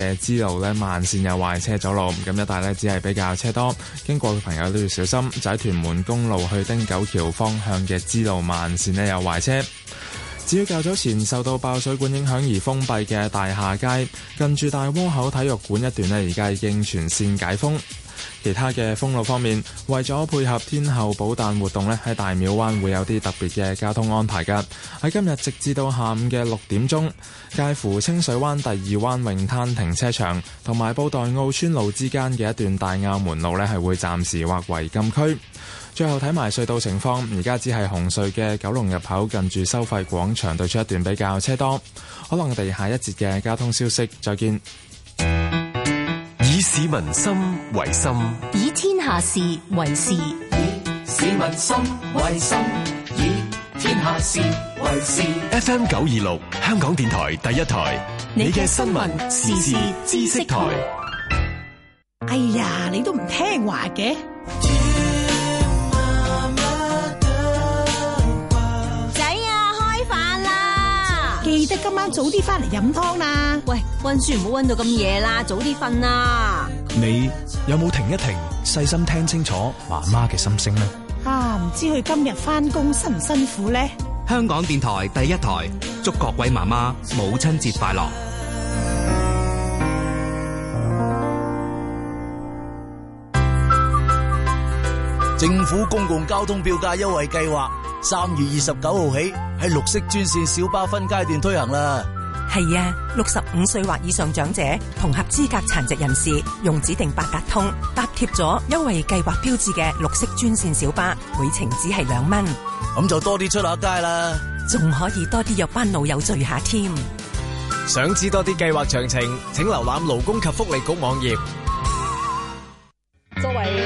誒，支路咧慢綫有壞車走路，咁一帶咧只係比較車多，經過嘅朋友都要小心。就喺屯門公路去汀九橋方向嘅支路慢綫咧有壞車。至於較早前受到爆水管影響而封閉嘅大廈街，近住大窩口體育館一段咧，而家已經全綫解封。其他嘅封路方面，為咗配合天后寶誕活動咧，喺大廟灣會有啲特別嘅交通安排噶。喺今日直至到下午嘅六點鐘，介乎清水灣第二灣泳灘停車場同埋布袋澳村路之間嘅一段大坳門路咧係會暫時劃為禁區。最後睇埋隧道情況，而家只係紅隧嘅九龍入口近住收費廣場對出一段比較車多。可能我哋下一節嘅交通消息再見。以市民心為心，以天下事為事。以市民心為心，以天下事為事。FM 九二六，香港電台第一台，你嘅新聞時事知識台。哎呀，你都唔聽話嘅。記得今晚早啲返嚟飲湯啦！喂，溫書唔好溫到咁夜啦，早啲瞓啦！你有冇停一停，細心聽清楚媽媽嘅心聲呢？啊，唔知佢今日返工辛唔辛苦呢？香港電台第一台，祝各位媽媽母親節快樂！政府公共交通票價優惠計劃。三月二十九號起，喺綠色專線小巴分階段推行啦。係啊，六十五歲或以上長者同合資格殘疾人士，用指定八達通搭貼咗優惠計劃標誌嘅綠色專線小巴，每程只係兩蚊。咁就多啲出下街啦，仲可以多啲約班老友聚下添。想知多啲計劃詳情，請瀏覽勞工及福利局網頁。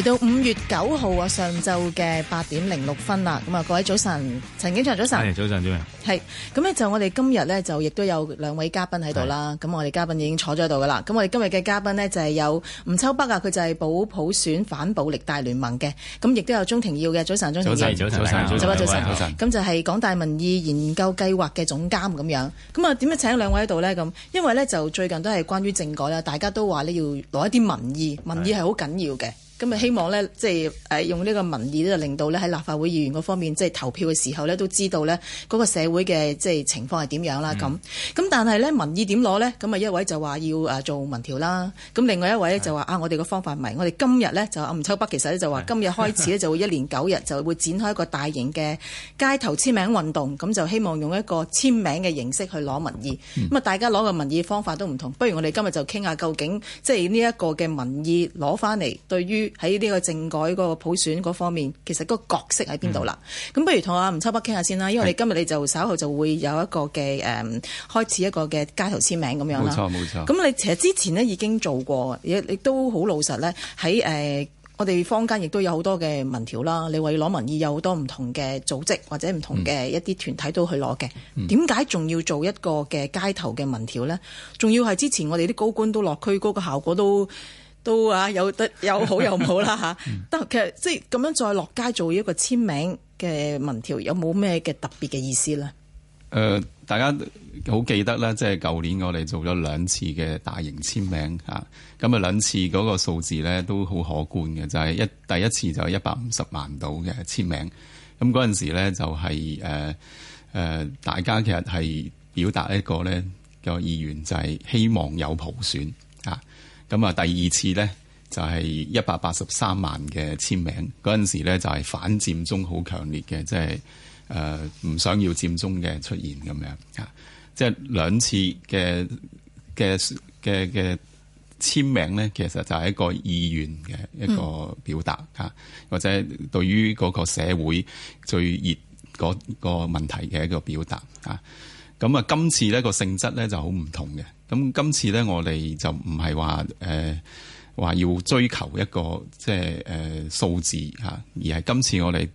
嚟到五月九號啊，上晝嘅八點零六分啦。咁啊，各位早晨，陳景祥早晨。早晨，啊、早晨。係咁呢就我哋今日呢，就亦都有兩位嘉賓喺度啦。咁是我哋嘉賓已經坐咗喺度噶啦。咁我哋今日嘅嘉賓呢，就係、是、有吳秋北啊，佢就係保普選反暴力大聯盟嘅。咁亦都有鍾庭耀嘅，早晨，鍾庭耀。早晨，早晨，早晨，早晨。咁就係港大民意研究計劃嘅總監咁樣。咁啊，點樣請兩位喺度呢？咁因為呢，就最近都係關於政改啦，大家都話呢，要攞一啲民意，是民意係好緊要嘅。咁啊，希望咧，即係誒用呢個民意咧，令到咧喺立法會議員個方面，即係投票嘅時候咧，都知道咧嗰個社會嘅即係情況係點樣啦。咁咁、嗯，但係咧民意點攞咧？咁啊，一位就話要誒做民調啦。咁另外一位咧就話是啊，我哋個方法唔係我哋今日咧就阿吳秋北其實咧就話是今日開始咧就會一連九日就會展開一個大型嘅街頭簽名運動。咁就希望用一個簽名嘅形式去攞民意。咁啊、嗯，大家攞個民意方法都唔同。不如我哋今日就傾下究竟即係呢一個嘅民意攞翻嚟，對於。喺呢個政改嗰個普選嗰方面，其實嗰個角色喺邊度啦？咁、嗯、不如同阿吳秋北傾下先啦，因為你今日你就稍後就會有一個嘅、誒、嗯、開始一個嘅街頭簽名咁樣啦。冇錯，冇錯。咁你其實之前呢已經做過，亦亦都好老實咧，喺誒、呃、我哋坊間亦都有好多嘅民調啦。你話要攞民意，有好多唔同嘅組織或者唔同嘅一啲團體都去攞嘅。點解仲要做一個嘅街頭嘅民調咧？仲要係之前我哋啲高官都落區，嗰個效果都。都啊有得有好有唔好啦吓。得、啊， 其實，即係咁樣再落街做一個簽名嘅民調，有冇咩嘅特別嘅意思咧？誒、呃，大家好記得咧，即係舊年我哋做咗兩次嘅大型簽名吓，咁啊兩次嗰個數字咧，都好可觀嘅，就係、是、一第一次就係一百五十萬到嘅簽名，咁嗰陣時咧，就係誒誒大家其實係表達一個咧個意願，就係、是、希望有普選。咁啊，第二次咧就係一百八十三萬嘅簽名，嗰陣時咧就係反佔中好強烈嘅，即係誒唔想要佔中嘅出現咁樣啊！即係兩次嘅嘅嘅嘅簽名咧，其實就係一個意願嘅一個表達啊，嗯、或者對於嗰個社會最熱嗰個問題嘅一個表達啊。咁啊，今次咧個性質咧就好唔同嘅。咁今次咧，我哋就唔係話誒話要追求一個即係誒數字嚇，而係今次我哋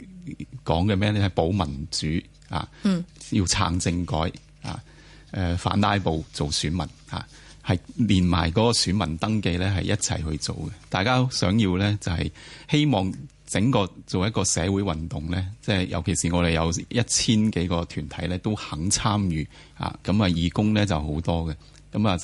講嘅咩咧係保民主啊，要撐政改啊，誒反拉布做選民嚇。係連埋嗰個選民登記咧，係一齊去做嘅。大家想要咧，就係希望整個做一個社會運動咧，即係尤其是我哋有一千幾個團體咧都肯參與啊。咁啊，義工咧就好多嘅。咁啊，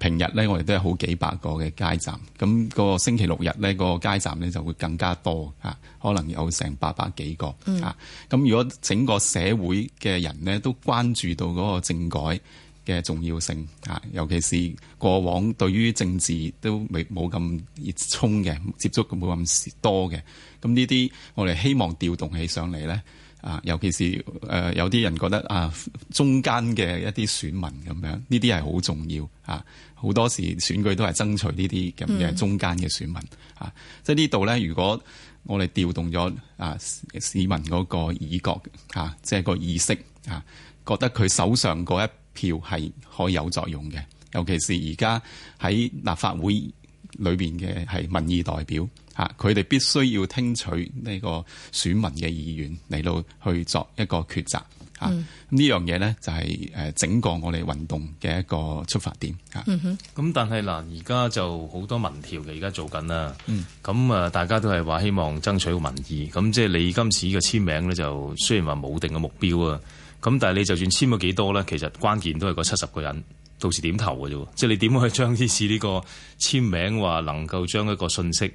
平日咧我哋都係好幾百個嘅街站。咁個星期六日咧，個街站咧就會更加多啊。可能有成八百幾個啊。咁、嗯、如果整個社會嘅人咧都關注到嗰個政改嘅重要性啊，尤其是過往對於政治都未冇咁熱衷嘅，接觸，冇咁多嘅。咁呢啲我哋希望調動起上嚟咧啊，尤其是誒、呃、有啲人覺得啊，中間嘅一啲選民咁樣，呢啲係好重要啊。好多時選舉都係爭取呢啲咁嘅中間嘅選民、嗯、啊。即係呢度咧，如果我哋調動咗啊市民嗰個耳角啊，即係個意識啊，覺得佢手上嗰一票係可以有作用嘅，尤其是而家喺立法會裏邊嘅係民意代表，吓佢哋必須要聽取呢個選民嘅意願嚟到去作一個抉擇，吓呢、嗯、樣嘢咧就係誒整個我哋運動嘅一個出發點。嗯咁、嗯、但係嗱，而家就好多民調嘅，而家做緊啦。嗯，咁啊，大家都係話希望爭取個民意。咁、嗯、即係你今次嘅簽名咧，就雖然話冇定嘅目標啊。咁但係你就算簽咗幾多咧，其實關鍵都係嗰七十個人到時點投嘅啫。即係你點可以將呢次呢個簽名話能夠將一個信息誒、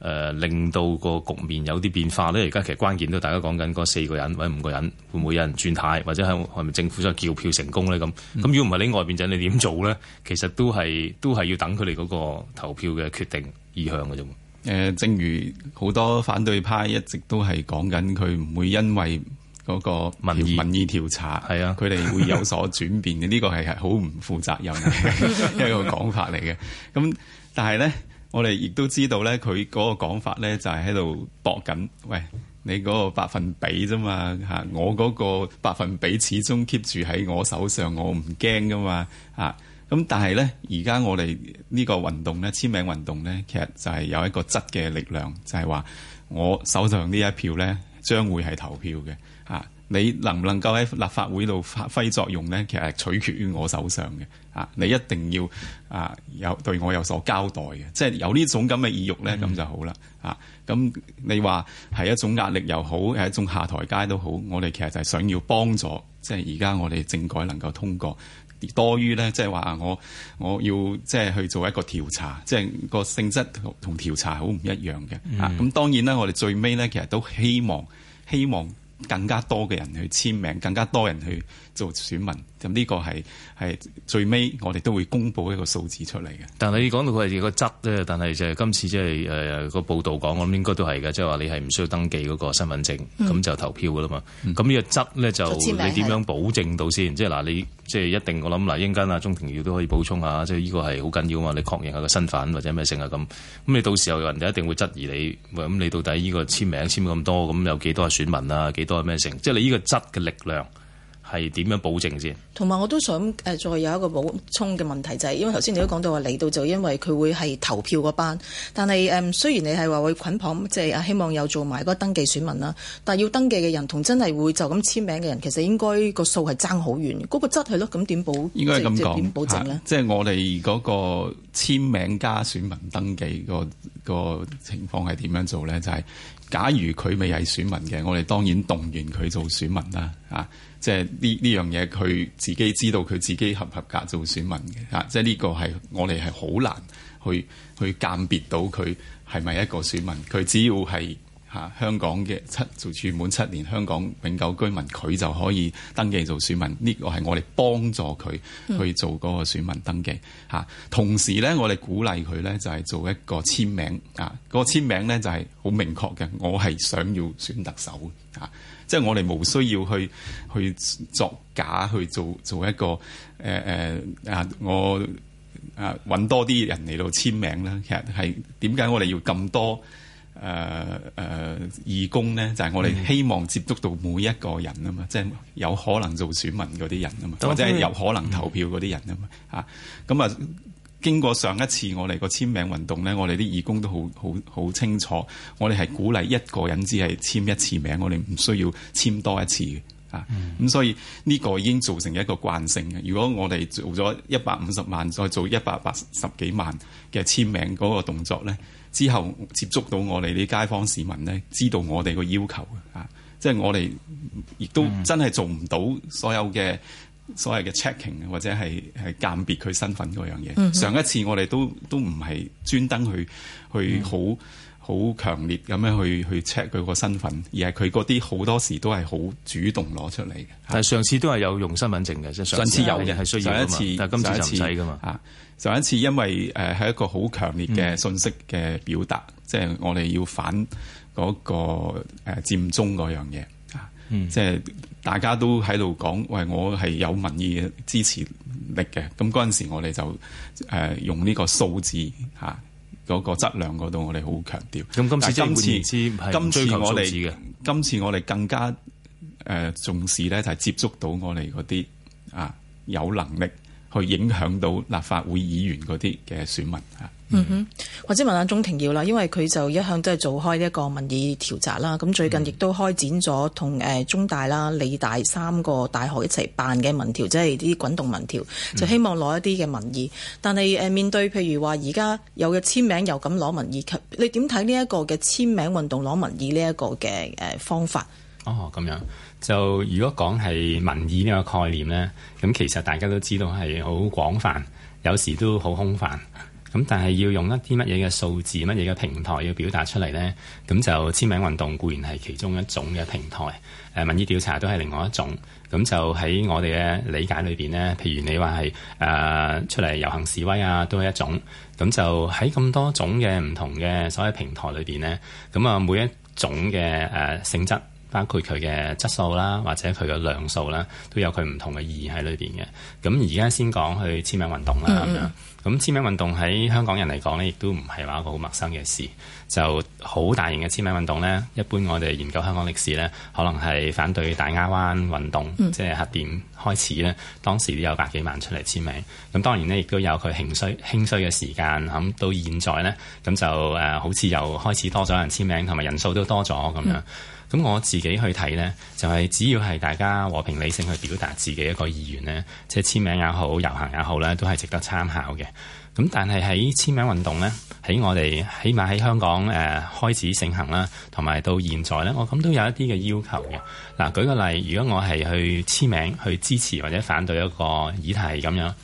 呃、令到個局面有啲變化咧？而家其實關鍵都大家講緊嗰四個人或者五個人會唔會有人轉態，或者喺係咪政府再叫票成功咧？咁咁如果唔係你外邊陣，你點做咧？其實都係都係要等佢哋嗰個投票嘅決定意向嘅啫。誒、呃，正如好多反對派一直都係講緊佢唔會因為。嗰個民意民意調查係啊，佢哋的會有所轉變嘅，呢個係係好唔負責任嘅一個講法嚟嘅。咁但係咧，我哋亦都知道咧，佢嗰個講法咧就係喺度搏緊。喂，你嗰個百分比啫嘛嚇，我嗰個百分比始終 keep 住喺我手上，我唔驚噶嘛嚇。咁、啊、但係咧，而家我哋呢個運動咧，簽名運動咧，其實就係有一個質嘅力量，就係、是、話我手上呢一票咧，將會係投票嘅。啊！你能唔能夠喺立法會度發揮作用咧？其實係取決於我手上嘅。啊！你一定要啊有對我有所交代嘅，即係有呢種咁嘅意欲咧，咁、嗯、就好啦。啊！咁你話係一種壓力又好，係一種下台階都好，我哋其實就係想要幫助。即係而家我哋政改能夠通過，多於咧，即係話我我要即係去做一個調查，即係個性質同同調查好唔一樣嘅。啊！咁當然啦，我哋最尾咧，其實都希望希望。更加多嘅人去簽名，更加多人去。做選民咁呢、呢個係係最尾，我哋都會公布一個數字出嚟嘅。但係你講到佢係個質咧，但係就係今次即係誒個報道講，我諗應該都係嘅，即係話你係唔需要登記嗰個身份證，咁、嗯、就投票噶啦嘛。咁、嗯、呢個質咧就、嗯、你點樣保證到先、嗯？即係嗱，你即係一定我諗嗱，英跟啊鍾庭耀都可以補充下，即係呢個係好緊要啊嘛。你確認下個身份或者咩性啊咁咁，你到時候人哋一定會質疑你咁。哎、你到底呢個簽名簽咁多咁有幾多係選民啊？幾多係咩性？即係、就是、你呢個質嘅力量。係點樣保證先？同埋我都想誒、呃，再有一個補充嘅問題就係、是，因為頭先你都講到話嚟的到就因為佢會係投票嗰班，但係誒、呃、雖然你係話會捆綁，即、就、係、是、希望有做埋嗰個登記選民啦。但係要登記嘅人同真係會就咁簽名嘅人，其實應該個數係爭好遠嘅。嗰、那個質係咯，咁點保應該係咁講？點保證咧？即係、啊就是、我哋嗰個簽名加選民登記個、那個情況係點樣做咧？就係、是、假如佢未係選民嘅，我哋當然動員佢做選民啦。啊！即係呢呢樣嘢，佢自己知道佢自己合唔合格做選民嘅嚇、啊，即係呢個係我哋係好難去去鑑別到佢係咪一個選民。佢只要係嚇、啊、香港嘅七做住滿七年香港永久居民，佢就可以登記做選民。呢、這個係我哋幫助佢去做嗰個選民登記嚇、啊。同時呢，我哋鼓勵佢呢就係、是、做一個簽名啊。嗰個簽名呢就係、是、好明確嘅，我係想要選特首啊。即係我哋無需要去去作假去做做一個誒誒、呃呃、啊！我啊揾多啲人嚟到簽名啦。其實係點解我哋要咁多誒誒、呃呃、義工咧？就係、是、我哋希望接觸到每一個人啊嘛，即係有可能做選民嗰啲人啊嘛，或者係有可能投票嗰啲人啊嘛，啊咁啊！嗯經過上一次我哋個簽名運動呢，我哋啲義工都好好好清楚，我哋係鼓勵一個人只係簽一次名，我哋唔需要簽多一次嘅啊。咁、嗯嗯、所以呢個已經造成一個慣性嘅。如果我哋做咗一百五十萬，再做一百八十幾萬嘅簽名嗰個動作呢，之後接觸到我哋啲街坊市民呢，知道我哋個要求啊，即係我哋亦都真係做唔到所有嘅。嗯嗯所謂嘅 checking 或者係係鑑別佢身份嗰樣嘢。上一次我哋都都唔係專登去去好好強烈咁樣去去 check 佢個身份，而係佢嗰啲好多時都係好主動攞出嚟嘅。但上次都係有用身份證嘅，即上次有嘅，係需要啊嘛。但今次就唔使噶嘛。啊，上一次因為誒係一個好強烈嘅信息嘅表達，即係我哋要反嗰個誒佔中嗰樣嘢。嗯，即係大家都喺度講喂，我係有民意支持力嘅。咁陣時我哋就誒、呃、用呢個數字吓、啊嗰個質量度，我哋好強調，咁今次今次唔係，今次我哋今次我哋更加誒、呃、重視咧，就係、是、接觸到我哋啲啊有能力。去影響到立法會議員嗰啲嘅選民嚇。嗯哼，或者問下鍾庭耀啦，因為佢就一向都係做開呢一個民意調查啦。咁最近亦都開展咗同誒中大啦、理大三個大學一齊辦嘅民調，即係啲滾動民調，就希望攞一啲嘅民意。嗯、但係誒面對譬如話而家有嘅簽名又噉攞民意，你點睇呢一個嘅簽名運動攞民意呢一個嘅誒方法？哦，咁樣。就如果講係民意呢個概念呢，咁其實大家都知道係好廣泛，有時都好空泛。咁但係要用一啲乜嘢嘅數字、乜嘢嘅平台要表達出嚟呢？咁就簽名運動固然係其中一種嘅平台，誒民意調查都係另外一種。咁就喺我哋嘅理解裏邊呢，譬如你話係誒出嚟遊行示威啊，都係一種。咁就喺咁多種嘅唔同嘅所謂平台裏邊呢，咁啊每一種嘅誒、呃、性質。包括佢嘅質素啦，或者佢嘅量數啦，都有佢唔同嘅意義喺裏邊嘅。咁而家先講去簽名運動啦，咁樣、mm hmm. 簽名運動喺香港人嚟講呢，亦都唔係話一個好陌生嘅事。就好大型嘅簽名運動呢，一般我哋研究香港歷史呢，可能係反對大亞灣運動，mm hmm. 即係核電開始呢，當時都有百幾萬出嚟簽名。咁當然呢，亦都有佢興衰興衰嘅時間。咁到現在呢，咁就誒好似又開始多咗人簽名，同埋人數都多咗咁樣。咁我自己去睇呢，就係、是、只要係大家和平理性去表達自己一個意願呢，即係簽名也好、遊行也好呢，都係值得參考嘅。咁但係喺簽名運動呢，喺我哋起碼喺香港誒、呃、開始盛行啦，同埋到現在呢，我咁都有一啲嘅要求嘅。嗱、啊，舉個例，如果我係去簽名去支持或者反對一個議題咁樣，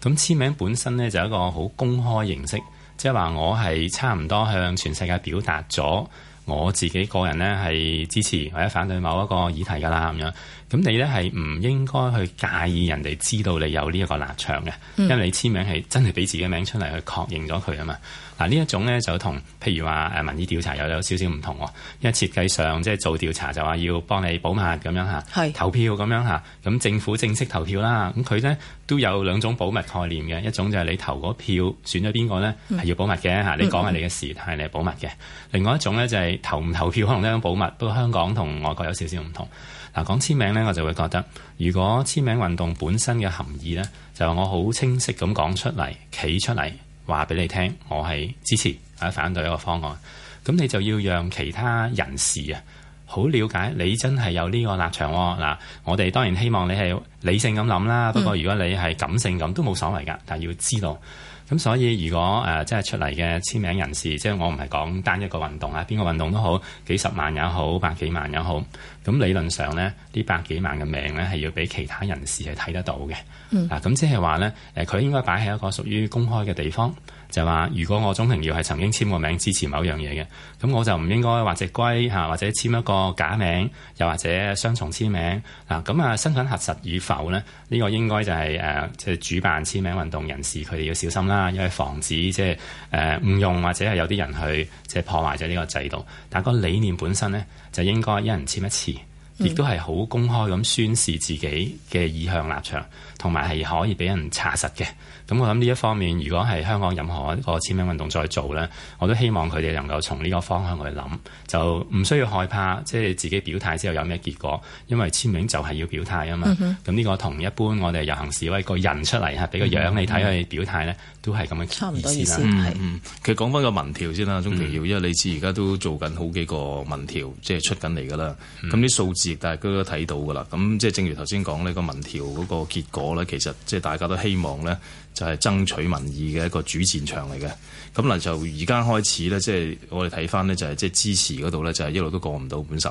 咁簽名本身呢，就係、一個好公開形式，即係話我係差唔多向全世界表達咗。我自己個人呢，係支持或者反對某一個議題噶啦，咁樣咁你呢，係唔應該去介意人哋知道你有呢一個立場嘅，因為你簽名係真係俾自己名出嚟去確認咗佢啊嘛。嗱，呢一種咧就同譬如話誒民意調查又有少少唔同喎，因為設計上即係做調查就話要幫你保密咁樣嚇，是投票咁樣嚇，咁政府正式投票啦，咁佢咧都有兩種保密概念嘅，一種就係你投嗰票選咗邊個咧係要保密嘅嚇，嗯、你講下你嘅事，係你、嗯、保密嘅。另外一種咧就係、是、投唔投票可能都係保密，不過香港同外國有少少唔同。嗱，講簽名咧，我就會覺得如果簽名運動本身嘅含義咧，就係我好清晰咁講出嚟，企出嚟。話俾你聽，我係支持啊反對一個方案，咁你就要讓其他人士啊。好了解，你真係有呢個立場喎、啊、嗱，我哋當然希望你係理性咁諗啦。不過如果你係感性咁，都冇所謂㗎。但係要知道，咁所以如果誒、呃、即係出嚟嘅簽名人士，即係我唔係講單一個運動啊，邊個運動都好，幾十萬也好，百幾萬也好，咁理論上呢，呢百幾萬嘅名呢，係要俾其他人士係睇得到嘅。嗱、嗯，咁即係話呢，誒、呃、佢應該擺喺一個屬於公開嘅地方。就話，如果我鍾庭耀係曾經簽過名支持某樣嘢嘅，咁我就唔應該畫隻龜嚇，或者簽一個假名，又或者雙重簽名嗱。咁啊，啊，身份核實與否呢？呢、呢個應該就係、是、誒，即、啊、係、就是、主辦簽名運動人士佢哋要小心啦，因為防止即係誒誤用，或者係有啲人去即係、就是、破壞咗呢個制度。但係個理念本身呢，就應該一人簽一次，亦都係好公開咁宣示自己嘅意向立場。嗯同埋係可以俾人查實嘅，咁我諗呢一方面，如果係香港任何一個簽名運動再做咧，我都希望佢哋能夠從呢個方向去諗，就唔需要害怕，即係自己表態之後有咩結果，因為簽名就係要表態啊嘛。咁呢、嗯、哼個同一般我哋遊行示威個人出嚟嚇，俾個樣你睇下你表態咧，都係咁嘅意思啦。佢講翻個民調先啦，鍾庭耀，因為你知而家都在做緊好幾個民調，即係出緊嚟㗎啦。咁啲、嗯嗯、數字大家都睇到㗎啦。咁即係正如頭先講呢個民調嗰個結果。我咧其實即係大家都希望咧，就係爭取民意嘅一個主戰場嚟嘅。咁嗱就而家開始咧，即係我哋睇翻咧，就係即係支持嗰度咧，就係一路都過唔到半十，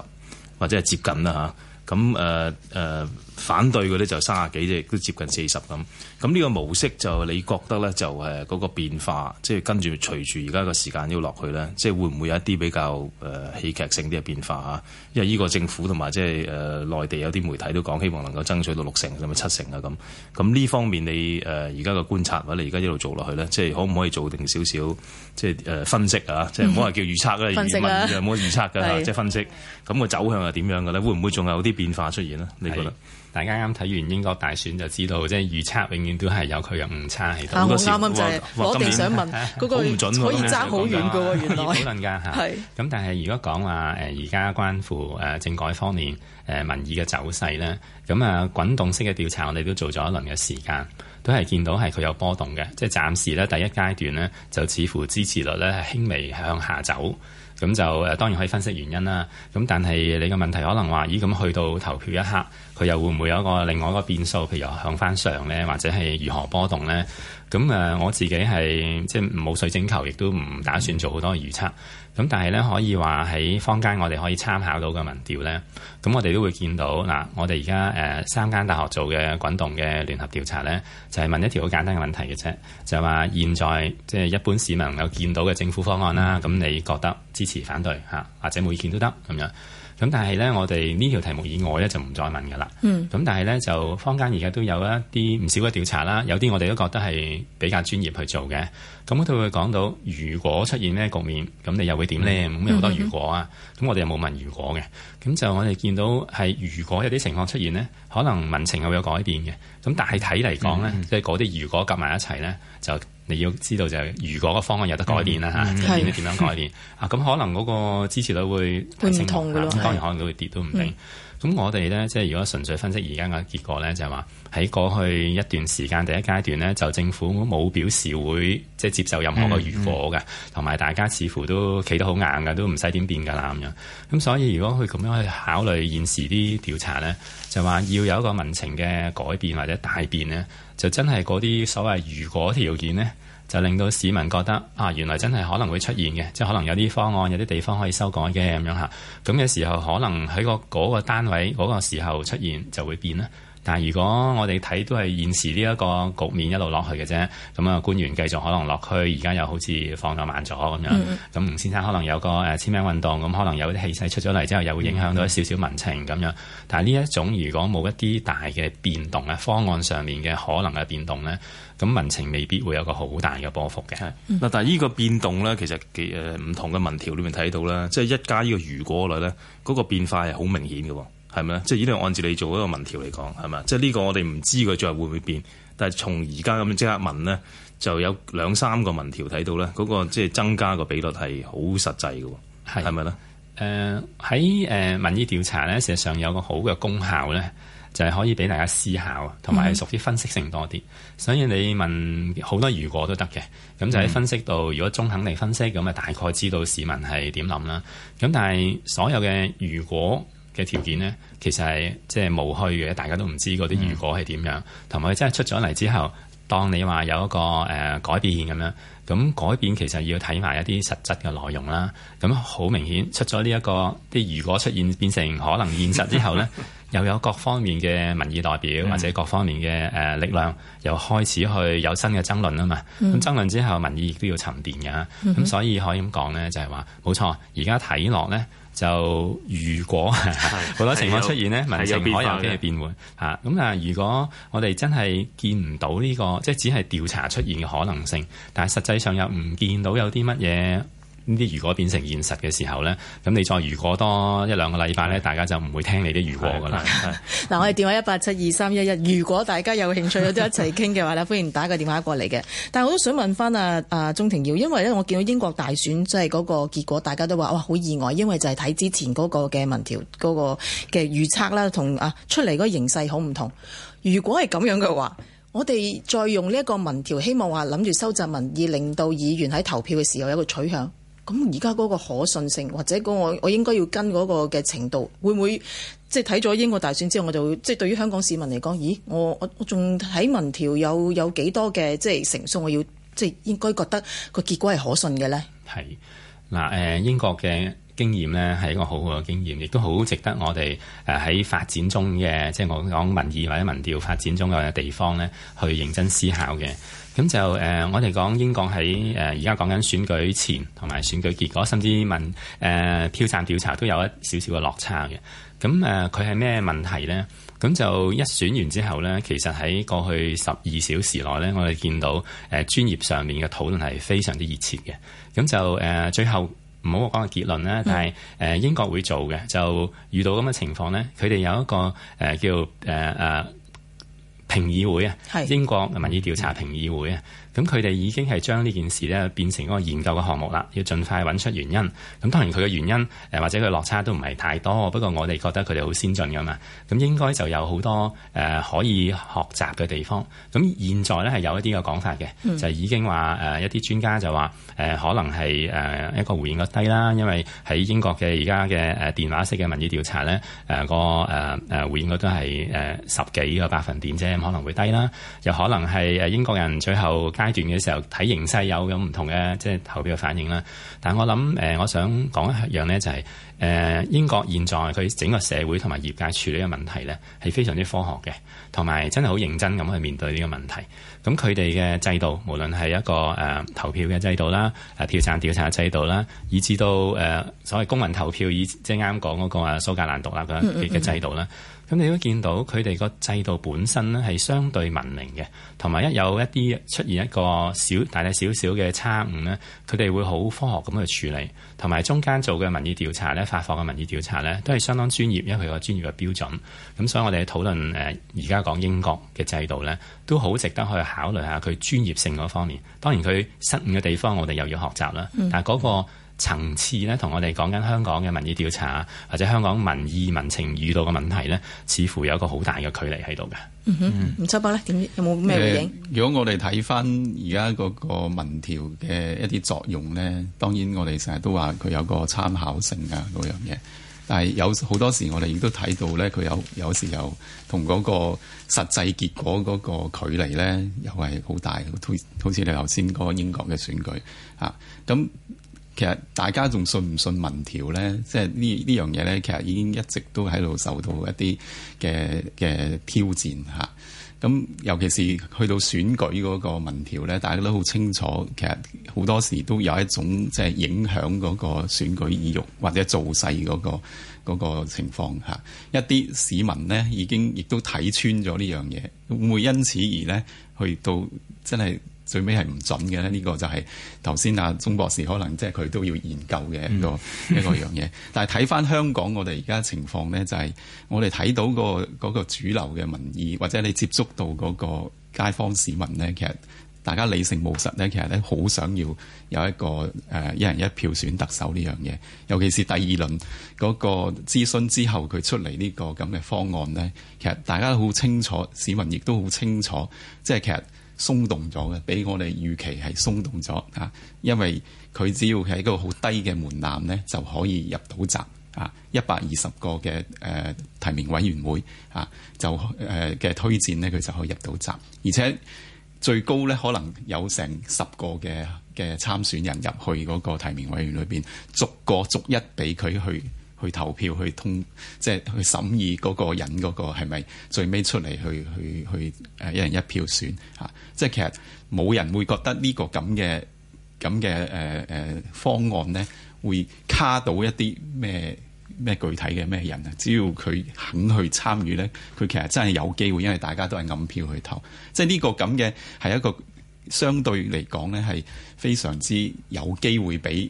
或者係接近啦吓，咁誒誒。啊反對嘅咧就三十幾啫，都接近四十咁。咁呢個模式就你覺得咧就誒嗰個變化，即係跟住隨住而家個時間要落去咧，即係會唔會有一啲比較誒戲劇性啲嘅變化啊？因為依個政府同埋即係誒內地有啲媒體都講，希望能夠爭取到六成甚至七成啊咁。咁呢方面你誒而家個觀察或者你而家一路做落去咧，即係可唔可以做定少少即係誒分析啊？即係唔好話叫預測啦，預測又冇預測㗎，即係分析咁個走向係點樣嘅咧？會唔會仲有啲變化出現呢？你覺得？大家啱啱睇完英國大選，就知道即係、就是、預測永遠都係有佢嘅誤差喺度。我啱啱就係我哋想問嗰個，可以爭好遠㗎喎，原來咁，但係如果講話誒而家關乎誒政改方面誒民意嘅走勢咧，咁啊滾動式嘅調查，我哋都做咗一輪嘅時間，都係見到係佢有波動嘅。即係暫時咧第一階段咧，就似乎支持率咧係輕微向下走咁就誒，當然可以分析原因啦。咁但係你嘅問題可能話咦，咁去到投票一刻。佢又會唔會有一個另外一個變數？譬如向翻上咧，或者係如何波動咧？咁誒、呃，我自己係即係冇水晶球，亦都唔打算做好多預測。咁但係咧，可以話喺坊間，我哋可以參考到嘅民調咧，咁我哋都會見到嗱，我哋而家誒三間大學做嘅滾動嘅聯合調查咧，就係、是、問一條好簡單嘅問題嘅啫，就話、是、現在即係一般市民有見到嘅政府方案啦，咁你覺得支持、反對嚇，或者冇意見都得咁樣。咁但係咧，我哋呢條題目以外咧就唔再問噶啦。咁、嗯、但係咧，就坊間而家都有一啲唔少嘅調查啦，有啲我哋都覺得係比較專業去做嘅。咁佢會講到如果出現呢，局面，咁你又會點咧？咁有、嗯嗯嗯、好多如果啊，咁我哋又冇問如果嘅。咁就我哋見到係如果有啲情況出現呢，可能民情又會有改變嘅。咁但係睇嚟講咧，即係嗰啲如果夾埋一齊咧就，你要知道就係，是，如果個方案有得改變啦嚇，點樣點樣改變是啊？咁可能嗰個支持率會唔同㗎咯，啊，當然可能都會跌都唔定。嗯咁我哋呢，即係如果純粹分析而家嘅結果呢，就係話喺過去一段時間第一階段呢，就政府冇表示會即係接受任何嘅如果嘅，同埋、嗯嗯、大家似乎都企得好硬嘅，都唔使點變噶啦咁樣。咁所以如果佢咁樣去考慮現時啲調查呢，就話要有一個民情嘅改變或者大變呢，就真係嗰啲所謂如果條件呢。就令到市民覺得啊，原來真係可能會出現嘅，即係可能有啲方案，有啲地方可以修改嘅咁樣吓，咁嘅時候，可能喺個嗰個單位、嗰個時候出現就會變啦。但係如果我哋睇都係現時呢一個局面一路落去嘅啫，咁啊官員繼續可能落去，而家又好似放咗慢咗咁樣。咁、mm. 吳先生可能有個誒簽名運動，咁可能有啲氣勢出咗嚟之後，又會影響到一少少民情咁樣。Mm. 但係呢一種如果冇一啲大嘅變動咧，方案上面嘅可能嘅變動咧，咁民情未必會有個好大嘅波幅嘅。嗱，mm. 但係呢個變動咧，其實嘅誒唔同嘅民調裏面睇到啦，即、就、係、是、一加呢個如果內咧，嗰、那個變化係好明顯嘅喎。係咪咧？即係依啲按照你做嗰個民調嚟講係咪啊？即係呢個我哋唔知佢最後會唔會變，但係從而家咁即刻問咧，就有兩三個民調睇到咧，嗰、那個即係增加個比率係好實際嘅，係咪咧？誒喺誒民意調查咧，事實上有個好嘅功效咧，就係、是、可以俾大家思考，同埋係屬於分析性多啲，嗯、所以你問好多如果都得嘅咁就喺分析度。嗯、如果中肯嚟分析咁啊，大概知道市民係點諗啦。咁但係所有嘅如果嘅條件呢，其實係即係無虛嘅，大家都唔知嗰啲如果係點樣。同埋，真係出咗嚟之後，當你話有一個誒、呃、改變咁樣，咁改變其實要睇埋一啲實質嘅內容啦。咁好明顯、這個，出咗呢一個啲如果出現變成可能現實之後呢， 又有各方面嘅民意代表 或者各方面嘅誒、呃、力量，又開始去有新嘅爭論啊嘛。咁、嗯嗯、爭論之後，民意亦都要沉澱㗎。咁、嗯、所以可以咁講呢，就係話冇錯，而家睇落呢。就如果好多情況出現呢，民情可能有機會變換嚇。咁但係，如果我哋真係見唔到呢個，即係只係調查出現嘅可能性，但係實際上又唔見到有啲乜嘢。呢啲如果變成現實嘅時候呢，咁你再如果多一兩個禮拜呢，大家就唔會聽你啲如果噶啦。嗱， 我哋電話一八七二三一一，如果大家有興趣 都一齊傾嘅話呢，歡迎打個電話過嚟嘅。但係我都想問翻啊啊鍾庭耀，因為呢，我見到英國大選即係嗰個結果，大家都話哇好意外，因為就係睇之前嗰個嘅民調嗰個嘅預測啦，同啊出嚟嗰個形勢好唔同。如果係咁樣嘅話，我哋再用呢一個民調，希望話諗住收集民意，令到議員喺投票嘅時候有個取向，咁而家嗰個可信性，或者我、嗰個、我應該要跟嗰個嘅程度，會唔會即係睇咗英國大選之後，我就即係對於香港市民嚟講，咦，我我我仲睇民調有有幾多嘅即係成數，我要即係應該覺得個結果係可信嘅呢？係嗱，誒英國嘅經驗呢，係一個好好嘅經驗，亦都好值得我哋誒喺發展中嘅即係我講民意或者民調發展中嘅地方呢，去認真思考嘅。咁就誒、呃，我哋講英國喺誒而家講緊選舉前同埋選舉結果，甚至問誒、呃、票站調查都有一少少嘅落差嘅。咁誒，佢係咩問題咧？咁就一選完之後咧，其實喺過去十二小時內咧，我哋見到誒、呃、專業上面嘅討論係非常之熱切嘅。咁就誒、呃，最後唔好講個結論啦，但係誒、呃、英國會做嘅，就遇到咁嘅情況咧，佢哋有一個誒、呃、叫誒誒。呃呃評議會啊，英國民意調查評議會啊，咁佢哋已經係將呢件事咧變成一個研究嘅項目啦，要盡快揾出原因。咁當然佢嘅原因，誒或者佢落差都唔係太多，不過我哋覺得佢哋好先進嘅嘛，咁應該就有好多誒、呃、可以學習嘅地方。咁現在咧係有一啲嘅講法嘅，嗯、就已經話誒、呃、一啲專家就話誒、呃、可能係誒一個回應率低啦，因為喺英國嘅而家嘅誒電話式嘅民意調查咧，誒個誒誒回應率都係誒十幾個百分點啫。可能會低啦，又可能係英國人最後階段嘅時候睇形勢有咁唔同嘅即係投票嘅反應啦。但係我諗誒、呃，我想講一樣呢、就是，就係誒英國現在佢整個社會同埋業界處理嘅問題呢，係非常之科學嘅，同埋真係好認真咁去面對呢個問題。咁佢哋嘅制度，無論係一個誒、呃、投票嘅制度啦，誒、啊、調查調查嘅制度啦、啊，以至到誒、呃、所謂公民投票，以即係啱講嗰個蘇格蘭獨立嘅制度啦。嗯嗯嗯嗯咁你都見到佢哋個制度本身咧係相對文明嘅，同埋一有一啲出現一個小大大小小嘅差誤呢，佢哋會好科學咁去處理，同埋中間做嘅民意調查呢，發放嘅民意調查呢都係相當專業，因為佢個專業嘅標準。咁所以我哋討論誒而家講英國嘅制度呢，都好值得去考慮下佢專業性嗰方面。當然佢失誤嘅地方，我哋又要學習啦。嗯、但係、那、嗰個。層次咧，同我哋講緊香港嘅民意調查，或者香港民意民情遇到嘅問題咧，似乎有一個好大嘅距離喺度嘅。嗯哼，吳秋北咧點有冇咩回應？如果我哋睇翻而家嗰個民調嘅一啲作用咧，當然我哋成日都話佢有個參考性嘅嗰樣嘢，但係有好多時我哋亦都睇到咧，佢有有時候同嗰個實際結果嗰個距離咧，又係好大，好似你頭先講英國嘅選舉啊，咁。其實大家仲信唔信民調咧，即係呢呢樣嘢咧，其實已經一直都喺度受到一啲嘅嘅挑戰嚇。咁、啊、尤其是去到選舉嗰個民調咧，大家都好清楚，其實好多時都有一種即係影響嗰個選舉意欲或者造勢嗰、嗰個嗰個情況嚇、啊。一啲市民呢，已經亦都睇穿咗呢樣嘢，會唔會因此而呢？去到真係？最尾係唔準嘅咧，呢、這個就係頭先啊鍾博士可能即係佢都要研究嘅一個、嗯、 一個樣嘢。但係睇翻香港，我哋而家情況呢，就係、是、我哋睇到、那個嗰、那個主流嘅民意，或者你接觸到嗰個街坊市民呢，其實大家理性務實呢，其實咧好想要有一個誒、呃、一人一票選特首呢樣嘢。尤其是第二輪嗰、那個諮詢之後，佢出嚟呢、這個咁嘅方案呢，其實大家都好清楚，市民亦都好清楚，即係其實。鬆動咗嘅，比我哋預期係鬆動咗啊！因為佢只要喺一個好低嘅門檻咧，就可以入到閘啊！一百二十個嘅誒、呃、提名委員會啊，就誒嘅、呃、推薦咧，佢就可以入到閘，而且最高咧可能有成十個嘅嘅參選人入去嗰個提名委員裏邊，逐個逐一俾佢去。去投票去通，即係去審議嗰個人嗰個係咪最尾出嚟去去去誒一人一票選吓啊，即係其實冇人會覺得呢個咁嘅咁嘅誒誒方案咧會卡到一啲咩咩具體嘅咩人啊？只要佢肯去參與呢，佢其實真係有機會，因為大家都係暗票去投，即係呢個咁嘅係一個相對嚟講呢係非常之有機會俾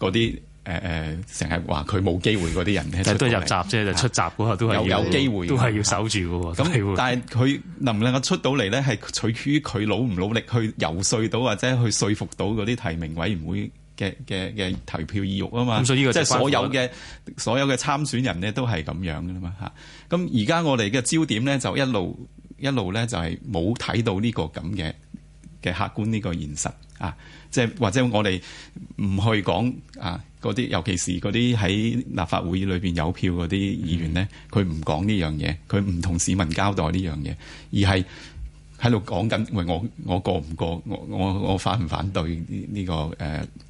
嗰啲。誒誒，成日話佢冇機會嗰啲人咧，都入閘啫，就出閘嗰下都係有有機會，都係要守住嘅。咁但係佢能唔能夠出到嚟咧，係取決於佢努唔努力去游說到或者去說服到嗰啲提名委員會嘅嘅嘅投票意欲啊嘛。咁所以呢個即係所有嘅所有嘅參選人咧，都係咁樣噶啦嘛吓。咁而家我哋嘅焦點咧，就一路一路咧，路就係冇睇到呢個咁嘅嘅客觀呢個現實啊。即係或者我哋唔去講啊。啲，尤其是嗰啲喺立法會議裏邊有票嗰啲議員咧，佢唔講呢樣嘢，佢唔同市民交代呢樣嘢，而係喺度講緊，喂，我我過唔過，我我我反唔反對呢、這、呢個誒誒、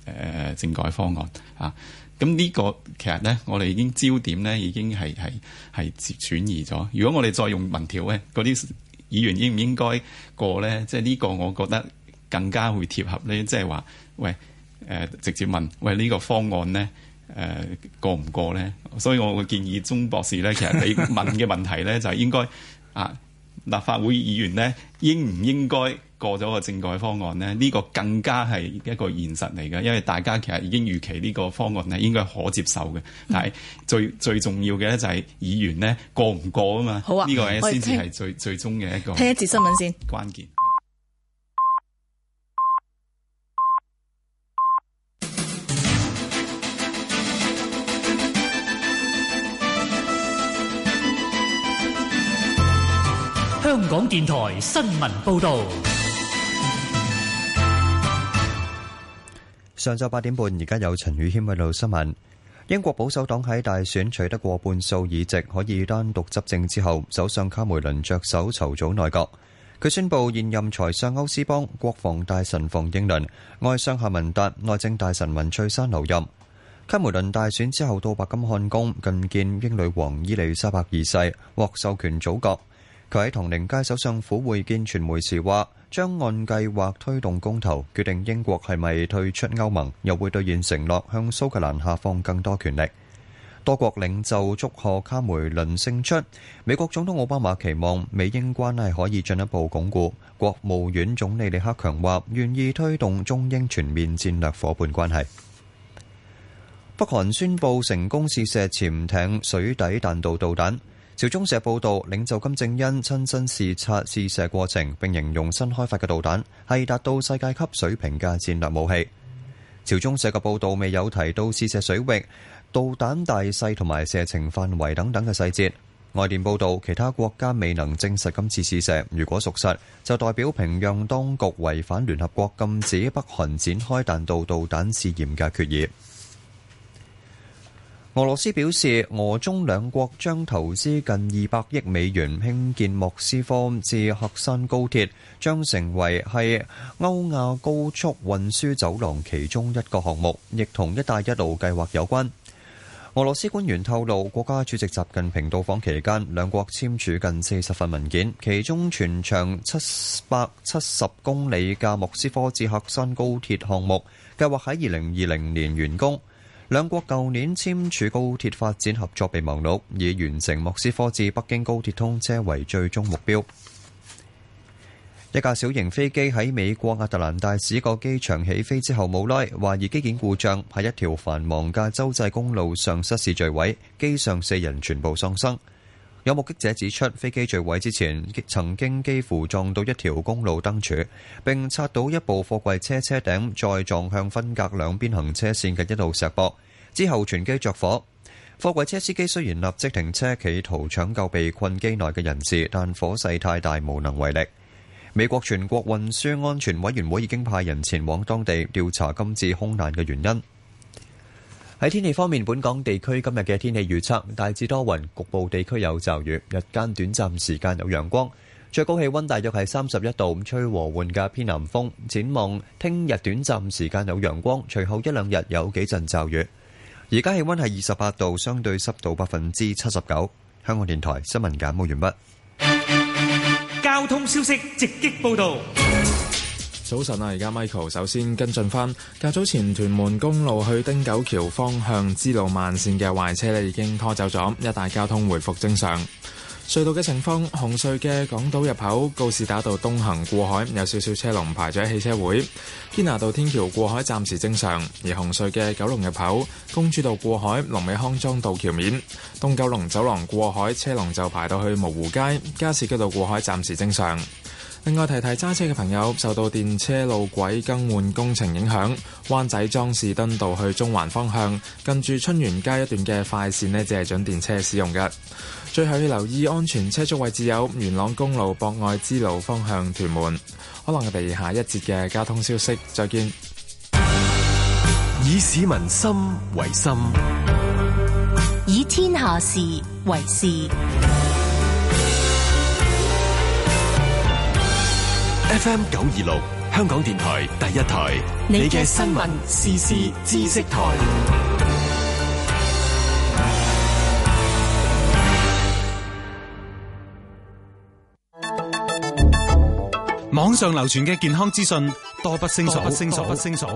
呃、政改方案啊？咁呢個其實咧，我哋已經焦點咧，已經係係係轉移咗。如果我哋再用民調咧，嗰啲議員應唔應該過咧？即係呢個，我覺得更加會貼合咧，即係話，喂。誒、呃、直接問，喂呢、呢個方案呢誒、呃、過唔過呢？所以我會建議鍾博士呢，其實你問嘅問題呢， 就係應該啊立法會議員呢，應唔應該過咗個政改方案呢？呢、呢個更加係一個現實嚟嘅，因為大家其實已經預期呢個方案咧應該可接受嘅，但係最、嗯、最，最重要嘅呢，就係議員呢過唔過啊嘛？好啊，呢個嘢先至係最最終嘅一個。聽一次新聞先，關鍵。香港電台新聞報道：上晝八點半，而家有陳宇謙報道新聞。英國保守黨喺大選取得過半數議席，可以單獨執政之後，首相卡梅倫着手籌組內閣。佢宣布現任財相歐思邦、國防大臣馮英倫、外相夏文達、內政大臣文翠珊留任。卡梅倫大選之後到白金漢宮覲見英女王伊麗莎白二世，獲授權組閣。佢喺唐寧街首相府會見傳媒時話，將按計劃推動公投，決定英國係咪退出歐盟，又會兌現承諾向蘇格蘭下放更多權力。多國領袖祝賀卡梅倫勝出。美國總統奧巴馬期望美英關係可以進一步鞏固。國務院總理李克強話，願意推動中英全面戰略夥伴關係。北韓宣布成功試射潛艇水底彈道導彈。朝中社報道，領袖金正恩親身視察試射過程，並形容新開發嘅導彈係達到世界級水平嘅戰略武器。朝中社嘅報道未有提到試射水域、導彈大細同埋射程範圍等等嘅細節。外電報道，其他國家未能證實今次試射，如果屬實，就代表平壤當局違反聯合國禁止北韓展開彈道導彈試驗嘅決議。俄羅斯表示，俄中兩國將投資近二百億美元興建莫斯科至喀山高鐵，將成為係歐亞高速運輸走廊其中一個項目，亦同“一帶一路”計劃有關。俄羅斯官員透露，國家主席習近平到訪期間，兩國簽署近四十份文件，其中全長七百七十公里嘅莫斯科至喀山高鐵項目計劃喺二零二零年完工。兩國舊年簽署高鐵發展合作備忘錄，以完成莫斯科至北京高鐵通車為最終目標。一架小型飛機喺美國亞特蘭大市個機場起飛之後冇耐，懷疑機件故障，喺一條繁忙嘅州際公路上失事墜毀，機上四人全部喪生。有目擊者指出，飛機墜毀之前，曾經幾乎撞到一條公路燈柱，並拆到一部貨櫃車車頂，再撞向分隔兩邊行車線嘅一路石壆，之後全機着火。貨櫃車司機雖然立即停車，企圖搶救被困機內嘅人士，但火勢太大，無能為力。美國全國運輸安全委員會已經派人前往當地調查今次空難嘅原因。喺天氣方面，本港地區今日嘅天氣預測大致多雲，局部地區有驟雨，日間短暫時間有陽光，最高氣溫大約係三十一度，吹和緩嘅偏南風。展望聽日短暫時間有陽光，隨後一兩日有幾陣驟雨。而家氣溫係二十八度，相對濕度百分之七十九。香港電台新聞簡報完畢。交通消息直擊報道。早晨啊！而家 Michael 首先跟進翻。較早前屯門公路去汀九橋方向支路慢線嘅壞車咧已經拖走咗，一帶交通回復正常。隧道嘅情況，紅隧嘅港島入口告士打道東行過海有少少車龍排咗喺汽車會堅拿道天橋過海暫時正常。而紅隧嘅九龍入口公主道過海、龍尾康莊道橋面、東九龍走廊過海車龍就排到去蕪湖街加士居道過海暫時正常。另外提提揸車嘅朋友，受到電車路軌更換工程影響，灣仔莊士敦道去中環方向，近住春園街一段嘅快線呢，淨係准電車使用嘅。最後要留意安全車速位置，有元朗公路博愛之路方向屯門。可能我地下一節嘅交通消息再見。以市民心為心，以天下事為事。FM 九二六，香港電台第一台，你嘅新聞、時事、知識台。網上流傳嘅健康資訊多不勝數，不勝數，不勝數。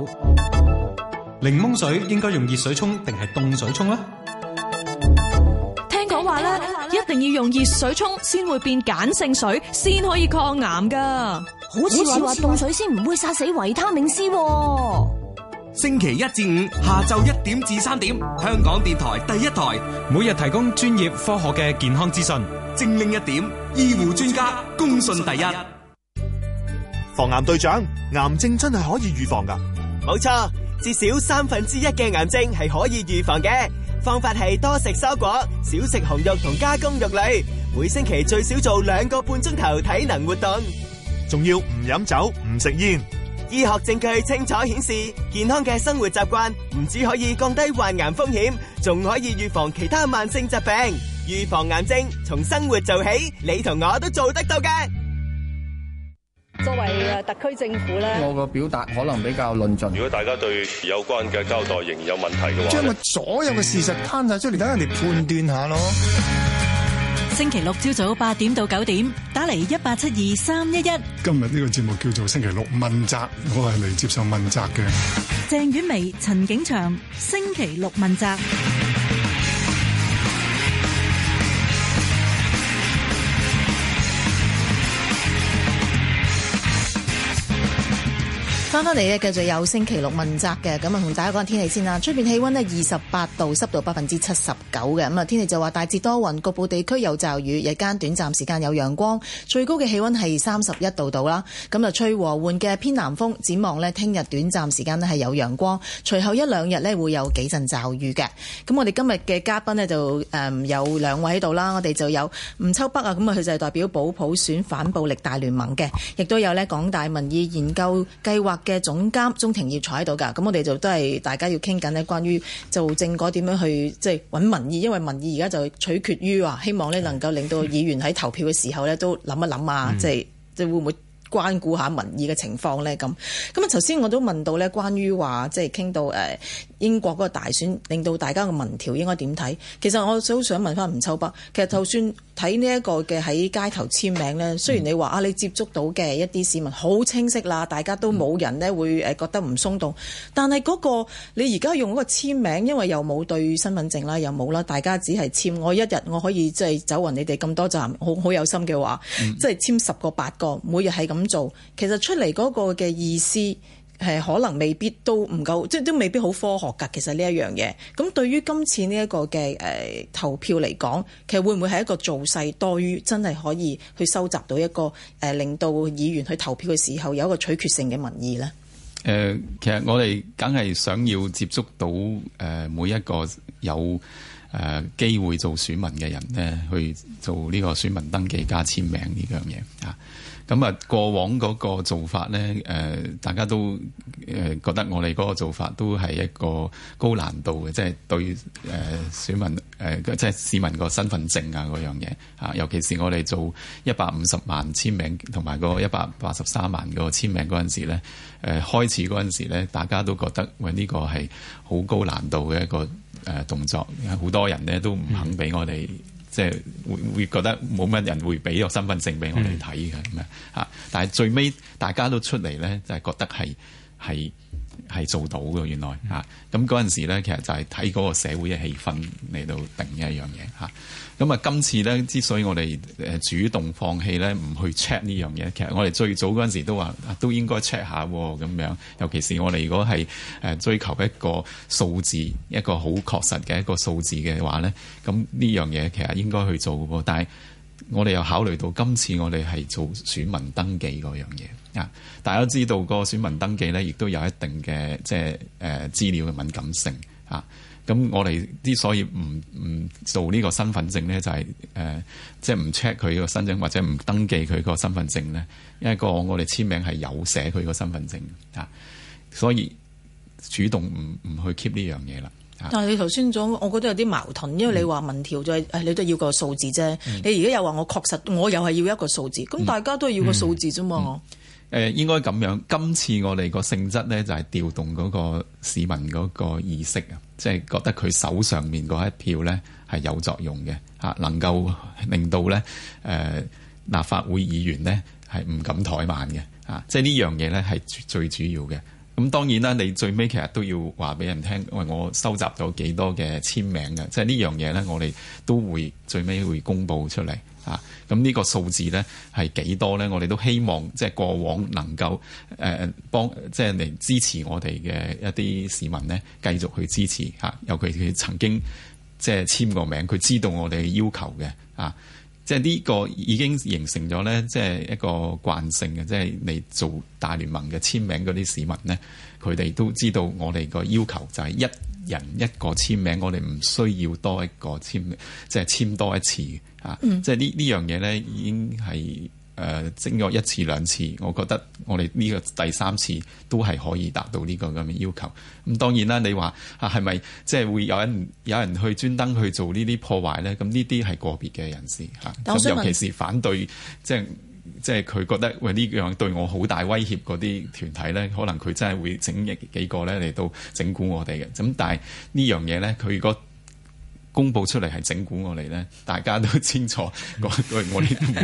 檸檬水應該用熱水沖定係凍水沖咧？聽講話咧，一定要用熱水沖先會變鹼性水，先可以抗癌噶。好似話凍水先唔會殺死維他命 C？星期一至五下晝一點至三點，香港電台第一台每日提供專業科學嘅健康資訊。精靈一點，醫護專家公信第一。防癌隊長，癌症真係可以預防噶。冇錯，至少三分之一嘅癌症係可以預防嘅。方法係多食蔬果，少食紅肉同加工肉類。每星期最少做兩個半鐘頭體能活動。仲要唔飲酒唔食煙，醫學證據清楚顯示，健康嘅生活習慣唔止可以降低患癌風險，仲可以預防其他慢性疾病。預防癌症從生活做起，你同我都做得到嘅。作為特區政府咧，我個表達可能比較論盡。如果大家對有關嘅交代仍然有問題嘅話，將個所有嘅事實攤晒出嚟，等人哋判斷下咯。星期六朝早八點到九點，打嚟一八七二三一一。今日呢個節目叫做星期六問責，我係嚟接受問責嘅。鄭婉薇、陳景祥，星期六問責。翻返嚟咧，繼續有星期六問責嘅，咁啊，同大家講下天氣先啦。出邊氣温呢，二十八度，濕度百分之七十九嘅，咁啊天氣就話大致多雲，局部地區有驟雨，日間短暫時間有陽光，最高嘅氣温係三十一度到啦。咁啊，吹和緩嘅偏南風，展望呢，聽日短暫時間咧係有陽光，隨後一兩日呢，會有幾陣驟雨嘅。咁我哋今日嘅嘉賓呢，就、呃、誒有兩位喺度啦，我哋就有吳秋北啊，咁啊佢就係代表保普選反暴力大聯盟嘅，亦都有呢港大民意研究計劃，嘅總監鍾庭耀坐喺度㗎，咁我哋就都係大家要傾緊咧，關於做政改點樣去即係揾民意，因為民意而家就取決於話，希望咧能夠令到議員喺投票嘅時候呢、嗯、都諗一諗啊，即係即會唔會關顧下民意嘅情況呢？咁咁啊，頭先我都問到呢關於話即係傾到誒英國嗰個大選，令到大家嘅民調應該點睇？其實我好想問翻吳秋北，其實就算。睇呢一個嘅喺街頭簽名呢，雖然你話啊，你接觸到嘅一啲市民好清晰啦，大家都冇人呢會誒覺得唔鬆動。但係嗰個你而家用嗰個簽名，因為又冇對身份證啦，又冇啦，大家只係簽。我一日我可以即係走勻你哋咁多站，好好有心嘅話，即係簽十個八個，每日係咁做，其實出嚟嗰個嘅意思，係可能未必都唔夠，即係都未必好科學㗎。其實呢一樣嘢，咁對於今次呢一個嘅誒、呃、投票嚟講，其實會唔會係一個造勢多於真係可以去收集到一個誒、呃、令到議員去投票嘅時候有一個取決性嘅民意呢？誒、呃，其實我哋梗係想要接觸到誒、呃、每一個有誒、呃、機會做選民嘅人呢，去做呢個選民登記加簽名呢樣嘢啊！咁啊，過往嗰個做法咧，誒大家都誒覺得我哋嗰個做法都係一個高難度嘅，即係對誒選民誒即係市民個身份證啊嗰樣嘢嚇，尤其是我哋做一百五十萬簽名同埋個一百八十三萬個簽名嗰陣時咧，誒開始嗰陣時咧，大家都覺得喂呢個係好高難度嘅，就是呃呃就是啊呃、一個誒動作，好多人咧都唔肯俾我哋。即係會會覺得冇乜人會俾個身份證俾我哋睇嘅咁樣㗎，嗯、但係最尾大家都出嚟咧，就係、是、覺得係係係做到㗎原來嚇。咁嗰陣時咧，其實就係睇嗰個社會嘅氣氛嚟到定一樣嘢嚇。啊。咁啊，今次咧之所以我哋誒主動放棄咧，唔去 check 呢樣嘢，其實我哋最早嗰陣時都話都應該 check 下咁樣。尤其是我哋如果係誒追求一個數字，一個好確實嘅一個數字嘅話咧，咁呢樣嘢其實應該去做㗎噃。但係我哋又考慮到今次我哋係做選民登記嗰樣嘢啊，大家都知道個選民登記咧，亦都有一定嘅即係誒資料嘅敏感性啊。咁我哋之所以唔唔做呢個身份證咧，就係、是、誒，即係唔 check 佢個身份證或者唔登記佢個身份證咧，因為個我哋簽名係有寫佢個身份證啊，所以主動唔唔去 keep 呢樣嘢啦。啊、但係你頭先講，我覺得有啲矛盾，因為你話民調就係、是、誒、嗯哎，你都要個數字啫。你而家又話我確實我又係要一個數字、嗯、字，咁大家都係要個數字啫嘛。嗯嗯嗯誒應該咁樣，今次我哋個性質咧就係、是、調動嗰個市民嗰個意識啊，即係覺得佢手上面嗰一票咧係有作用嘅，嚇能夠令到咧誒、呃、立法會議員咧係唔敢怠慢嘅，啊，即係呢樣嘢咧係最主要嘅。咁當然啦，你最尾其實都要話俾人聽，餵我收集咗幾多嘅簽名嘅，即係呢樣嘢咧，我哋都會最尾會公佈出嚟啊。咁呢個數字咧係幾多咧？我哋都希望即係過往能夠誒幫即係嚟支持我哋嘅一啲市民咧，繼續去支持吓。尤其佢曾經即係簽過名，佢知道我哋嘅要求嘅啊。即係呢個已經形成咗咧，即係一個慣性嘅，即係嚟做大聯盟嘅簽名嗰啲市民咧，佢哋都知道我哋個要求就係一人一個簽名，我哋唔需要多一個簽名，即係簽多一次啊！嗯、即係呢呢樣嘢咧，已經係誒整過一次兩次，我覺得我哋呢個第三次都係可以達到呢個咁嘅要求。咁當然啦，你話啊係咪即係會有人有人去專登去做呢啲破壞呢？咁呢啲係個別嘅人士，咁尤其是反對即係。即係佢覺得喂呢樣對我好大威脅嗰啲團體咧，可能佢真係會整嘅幾個咧嚟到整蠱我哋嘅。咁但係呢樣嘢咧，佢如果公佈出嚟係整蠱我哋咧，大家都清楚，我我哋唔好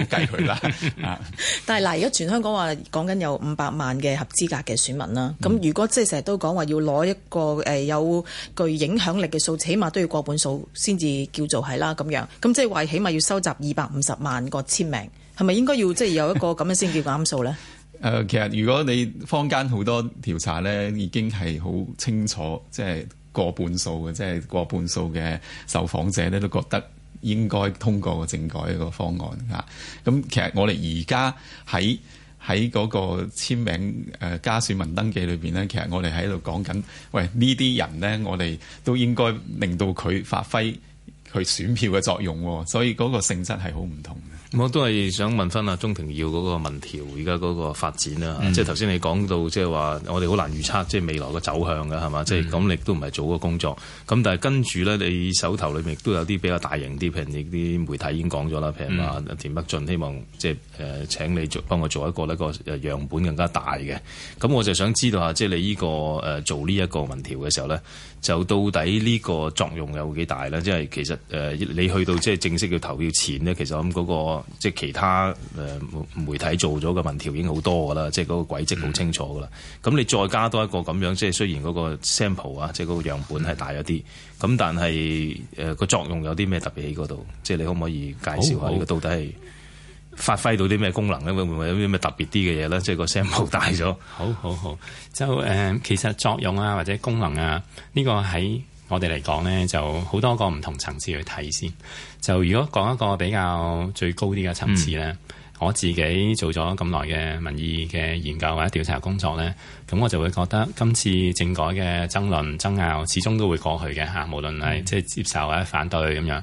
計佢啦。 但係嗱，而家全香港話講緊有五百萬嘅合資格嘅選民啦。咁、嗯、如果即係成日都講話要攞一個誒有具影響力嘅數字，起碼都要過半數先至叫做係啦咁樣。咁即係話起碼要收集二百五十萬個簽名。係咪應該要即係有一個咁樣先叫過半數咧？誒， 其實如果你坊間好多調查咧，已經係好清楚，即係過半數嘅，即係過半數嘅受訪者咧，都覺得應該通過個政改一個方案嚇。咁其實我哋而家喺喺嗰個簽名誒加選民登記裏邊咧，其實我哋喺度講緊，喂呢啲人咧，我哋都應該令到佢發揮佢選票嘅作用，所以嗰個性質係好唔同。我都係想問翻阿鐘庭耀嗰個民調，而家嗰個發展啦，嗯、即係頭先你講到，即係話我哋好難預測，即係未來嘅走向嘅係嘛？即係咁，嗯、你都唔係做個工作咁，但係跟住咧，你手頭裏面都有啲比較大型啲，譬如你啲媒體已經講咗啦，譬如話田北俊希望即係誒請你做幫我做一個呢個誒樣本更加大嘅。咁我就想知道下，即係你呢、呢個誒、呃、做呢一個民調嘅時候咧，就到底呢個作用有幾大咧？即係其實誒、呃，你去到即係正式要投票前呢，其實咁嗰、那個即係其他誒媒體做咗嘅民調已經好多㗎啦，即係嗰個軌跡好清楚㗎啦。咁、嗯、你再加多一個咁樣，即係雖然嗰個 sample 啊，即係嗰個樣本係大一啲，咁但係誒個作用有啲咩特別喺嗰度？即係你可唔可以介紹下呢個到底係？發揮到啲咩功能咧？會唔會有啲咩特別啲嘅嘢咧？即係個聲好大咗。好好好，就誒、呃，其實作用啊，或者功能啊，這個、呢個喺我哋嚟講咧，就好多個唔同層次去睇先。就如果講一個比較最高啲嘅層次咧，嗯、我自己做咗咁耐嘅民意嘅研究或者調查工作咧，咁我就會覺得今次政改嘅爭論爭拗，始終都會過去嘅嚇。無論係即係接受或者反對咁樣。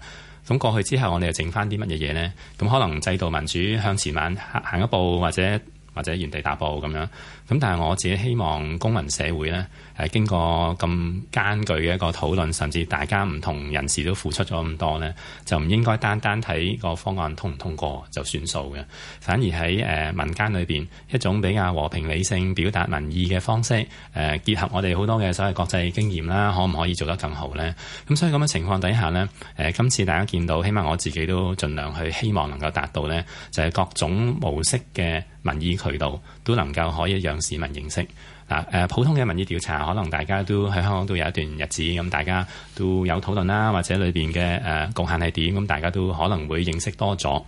咁過去之後我，我哋又剩返啲乜嘢嘢呢？咁可能制度民主向前晚行一步，或者。或者原地踏步咁樣咁，但係我自己希望公民社會呢，係、呃、經過咁艱鉅嘅一個討論，甚至大家唔同人士都付出咗咁多呢，就唔應該單單睇個方案通唔通過就算數嘅。反而喺誒、呃、民間裏邊一種比較和平理性表達民意嘅方式，誒、呃、結合我哋好多嘅所謂國際經驗啦，可唔可以做得更好呢？咁、呃、所以咁嘅情況底下呢，誒、呃、今次大家見到，起碼我自己都盡量去希望能夠達到呢，就係、是、各種模式嘅。民意渠道都能夠可以讓市民認識，嗱誒、啊、普通嘅民意調查，可能大家都喺香港都有一段日子，咁大家都有討論啦，或者裏邊嘅誒侷限係點，咁大家都可能會認識多咗。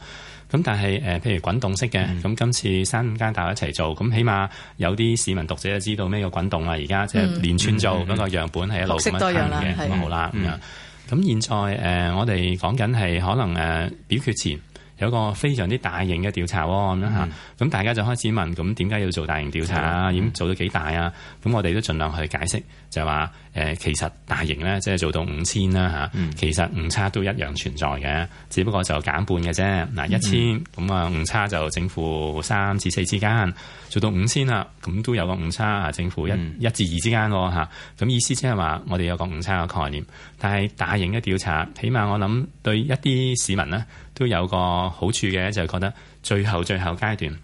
咁但係誒、啊，譬如滾動式嘅，咁今次三五間大學一齊做，咁起碼有啲市民讀者就知道咩叫滾動啦。而家即係連串做嗰個樣本係一路咁樣嘅咁好啦。咁現在誒，我哋講緊係可能誒表決前。有個非常之大型嘅調查喎，咁樣嚇咁，大家就開始問咁點解要做大型調查啊？已經、嗯、做到幾大啊？咁、嗯、我哋都盡量去解釋，就係話誒，其實大型咧即係做到五千啦嚇，其實誤差都一樣存在嘅，只不過就減半嘅啫。嗱一千咁啊誤差就正負三至四之間，做到五千啦，咁都有個誤差啊，正負一一至二之間喎嚇。咁、嗯、意思即係話我哋有個誤差嘅概念，但係大型嘅調查，起碼我諗對一啲市民呢。都有個好處嘅，就係覺得最後最後階段。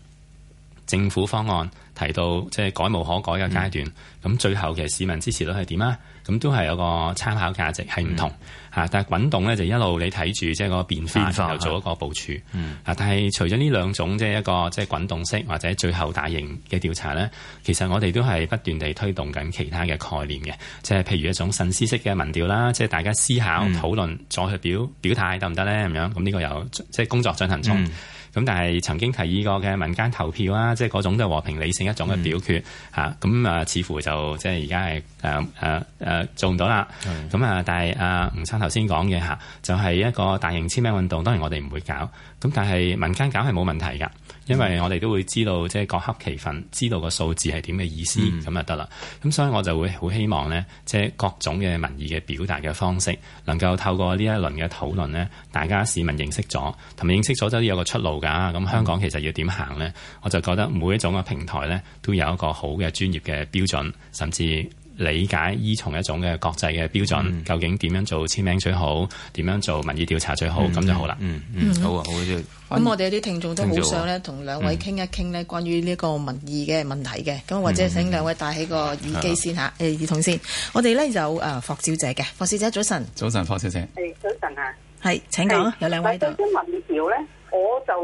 政府方案提到即係改無可改嘅階段，咁、嗯、最後其實市民支持率係點啊？咁都係有個參考價值，係唔同吓。嗯、但係滾動咧就一路你睇住即係個變化，又化做一個部署。啊、嗯。但係除咗呢兩種，即係一個即係滾動式或者最後大型嘅調查咧，其實我哋都係不斷地推動緊其他嘅概念嘅，即、就、係、是、譬如一種慎思式嘅民調啦，即、就、係、是、大家思考、討論、嗯、再去表表態得唔得咧？咁樣、嗯。咁呢個有即係工作進行中。嗯嗯咁但係曾經提議過嘅民間投票啊，即係嗰種都係和平理性一種嘅表決嚇。咁、嗯、啊，似乎就即係而家係誒誒誒做唔到啦。咁啊，啊嗯、但係阿、啊、吳生頭先講嘅嚇，就係、是、一個大型簽名運動，當然我哋唔會搞。咁但係民間搞係冇問題噶。因為我哋都會知道，即係各刻其分，知道個數字係點嘅意思，咁、嗯、就得啦。咁所以我就會好希望呢，即係各種嘅民意嘅表達嘅方式，能夠透過呢一輪嘅討論呢，大家市民認識咗，同埋認識咗都都有個出路㗎。咁香港其實要點行呢？我就覺得每一種嘅平台呢，都有一個好嘅專業嘅標準，甚至。理解依從一種嘅國際嘅標準，究竟點樣做簽名最好？點樣做民意調查最好？咁就好啦。嗯嗯，好啊好啊。咁我哋有啲聽眾都好想咧，同兩位傾一傾咧，關於呢個民意嘅問題嘅。咁或者請兩位戴起個耳機先吓。誒耳筒先。我哋咧有誒霍小姐嘅，霍小姐早晨。早晨，霍小姐。誒，早晨啊。係，請講啊，有兩位。但係嗰啲民調咧，我就誒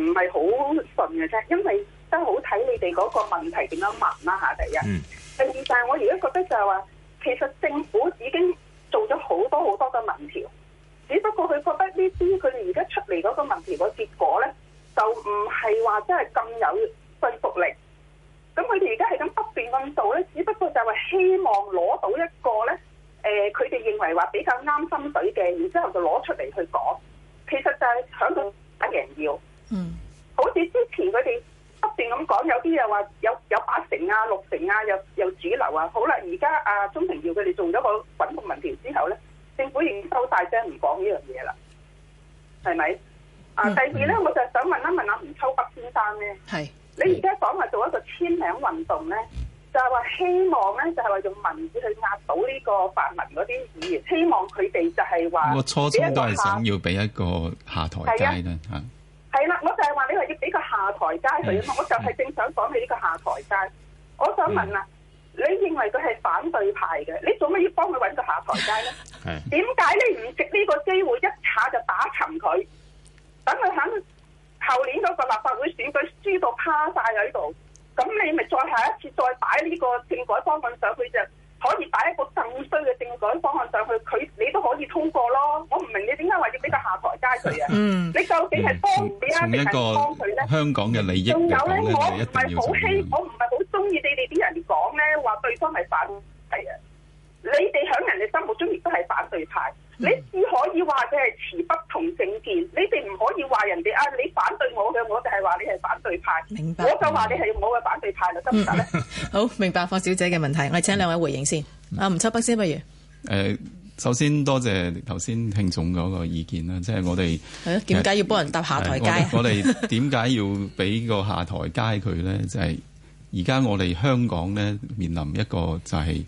唔係好順嘅啫，因為真係好睇你哋嗰個問題點樣問啦嚇，第一。第二，但係我而家覺得就係話，其實政府已經做咗好多好多嘅民調，只不過佢覺得呢啲佢哋而家出嚟嗰個民調嘅結果咧，就唔係話真係咁有說服力。咁佢哋而家係咁不斷運作咧，只不過就係希望攞到一個咧，誒、呃，佢哋認為話比較啱心水嘅，然之後就攞出嚟去講。其實就係響度打贏要，嗯，好似之前佢哋。不斷咁講，有啲又話有有八成啊、六成啊，又又主流啊，好啦，而家阿鍾庭耀佢哋做咗個滾動民調之後咧，政府已經收晒聲唔講呢樣嘢啦，係咪？啊，第二咧，我就想問一問阿吳、啊、秋北先生咧，是你而家講話做一個簽名運動咧，就係、是、話希望咧，就係話用文字去壓倒呢個泛民嗰啲議員，希望佢哋就係話，初初都係想要俾一個下台階啦吓。係啦，我就係話你話要俾個下台階佢啊嘛，嗯、我就係正想講起呢個下台階。嗯、我想問啊，嗯、你認為佢係反對派嘅，你做乜要幫佢揾個下台階呢？點解 你唔藉呢個機會一下就打沉佢？等佢喺後年嗰個立法會選舉輸到趴晒喺度，咁你咪再下一次再擺呢個政改方案上去啫？可以擺一個更衰嘅政改方案上去，佢你都可以通過咯。我唔明你點解話要俾個下台階佢啊？嗯，你究竟係幫你啊，定係幫佢咧？香港嘅利益仲有咧，我唔係好希， 我唔係好中意你哋啲人講咧話對方係反對啊。你哋喺人哋心目中亦都係反對派，嗯、你只可以話佢係持不同政見，你哋唔可以話人哋啊，你反對我嘅，我就係話你係反對派。明白，我就話你係我嘅反對派啦，得唔得咧？行行 好明白，霍小姐嘅問題，我哋請兩位回應先。阿、嗯啊、吳秋北先，不如誒、呃，首先多謝頭先聽眾嗰個意見啦，即係我哋點解要幫人搭下台階啊？我哋點解要俾個下台階佢咧？ 就係而家我哋香港咧面臨一個就係。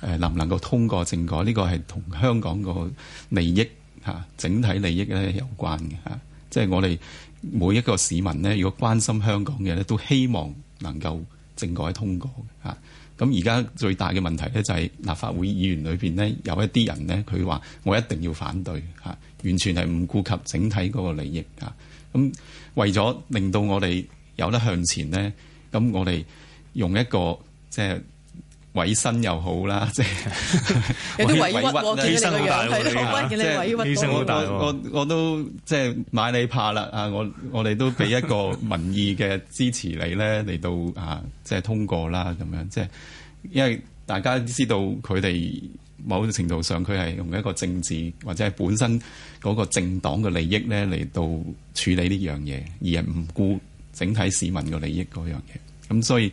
誒能唔能夠通過政改？呢個係同香港個利益嚇，整體利益咧有關嘅嚇。即係我哋每一個市民咧，如果關心香港嘅咧，都希望能夠政改通過嘅嚇。咁而家最大嘅問題咧，就係立法會議員裏邊咧，有一啲人咧，佢話我一定要反對嚇，完全係唔顧及整體嗰個利益嚇。咁為咗令到我哋有得向前呢，咁我哋用一個即係。委身又好啦，即係有啲委屈喎，呢個樣，委屈嘅呢個樣。我我我都即係、即係、買你怕啦啊！我我哋都俾一個民意嘅支持你咧，嚟 到啊，即係通過啦咁樣。即係因為大家知道佢哋某程度上佢係用一個政治或者係本身嗰個政黨嘅利益咧嚟到處理呢樣嘢，而係唔顧整體市民嘅利益嗰樣嘢。咁所以。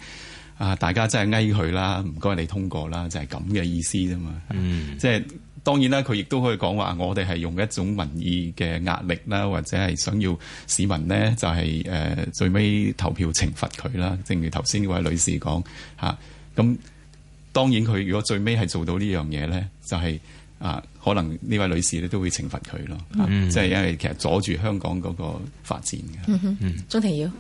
啊！大家真係威佢啦，唔該你通過啦，就係咁嘅意思啫嘛。嗯，即，即係當然啦，佢亦都可以講話，我哋係用一種民意嘅壓力啦，或者係想要市民呢，就係、是、誒、呃、最尾投票懲罰佢啦。正如頭先呢位女士講嚇，咁、啊、當然佢如果最尾係做到呢樣嘢咧，就係、是、啊可能呢位女士咧都會懲罰佢咯、嗯啊。即係因為其實阻住香港嗰個發展嘅。嗯哼，鐘庭耀。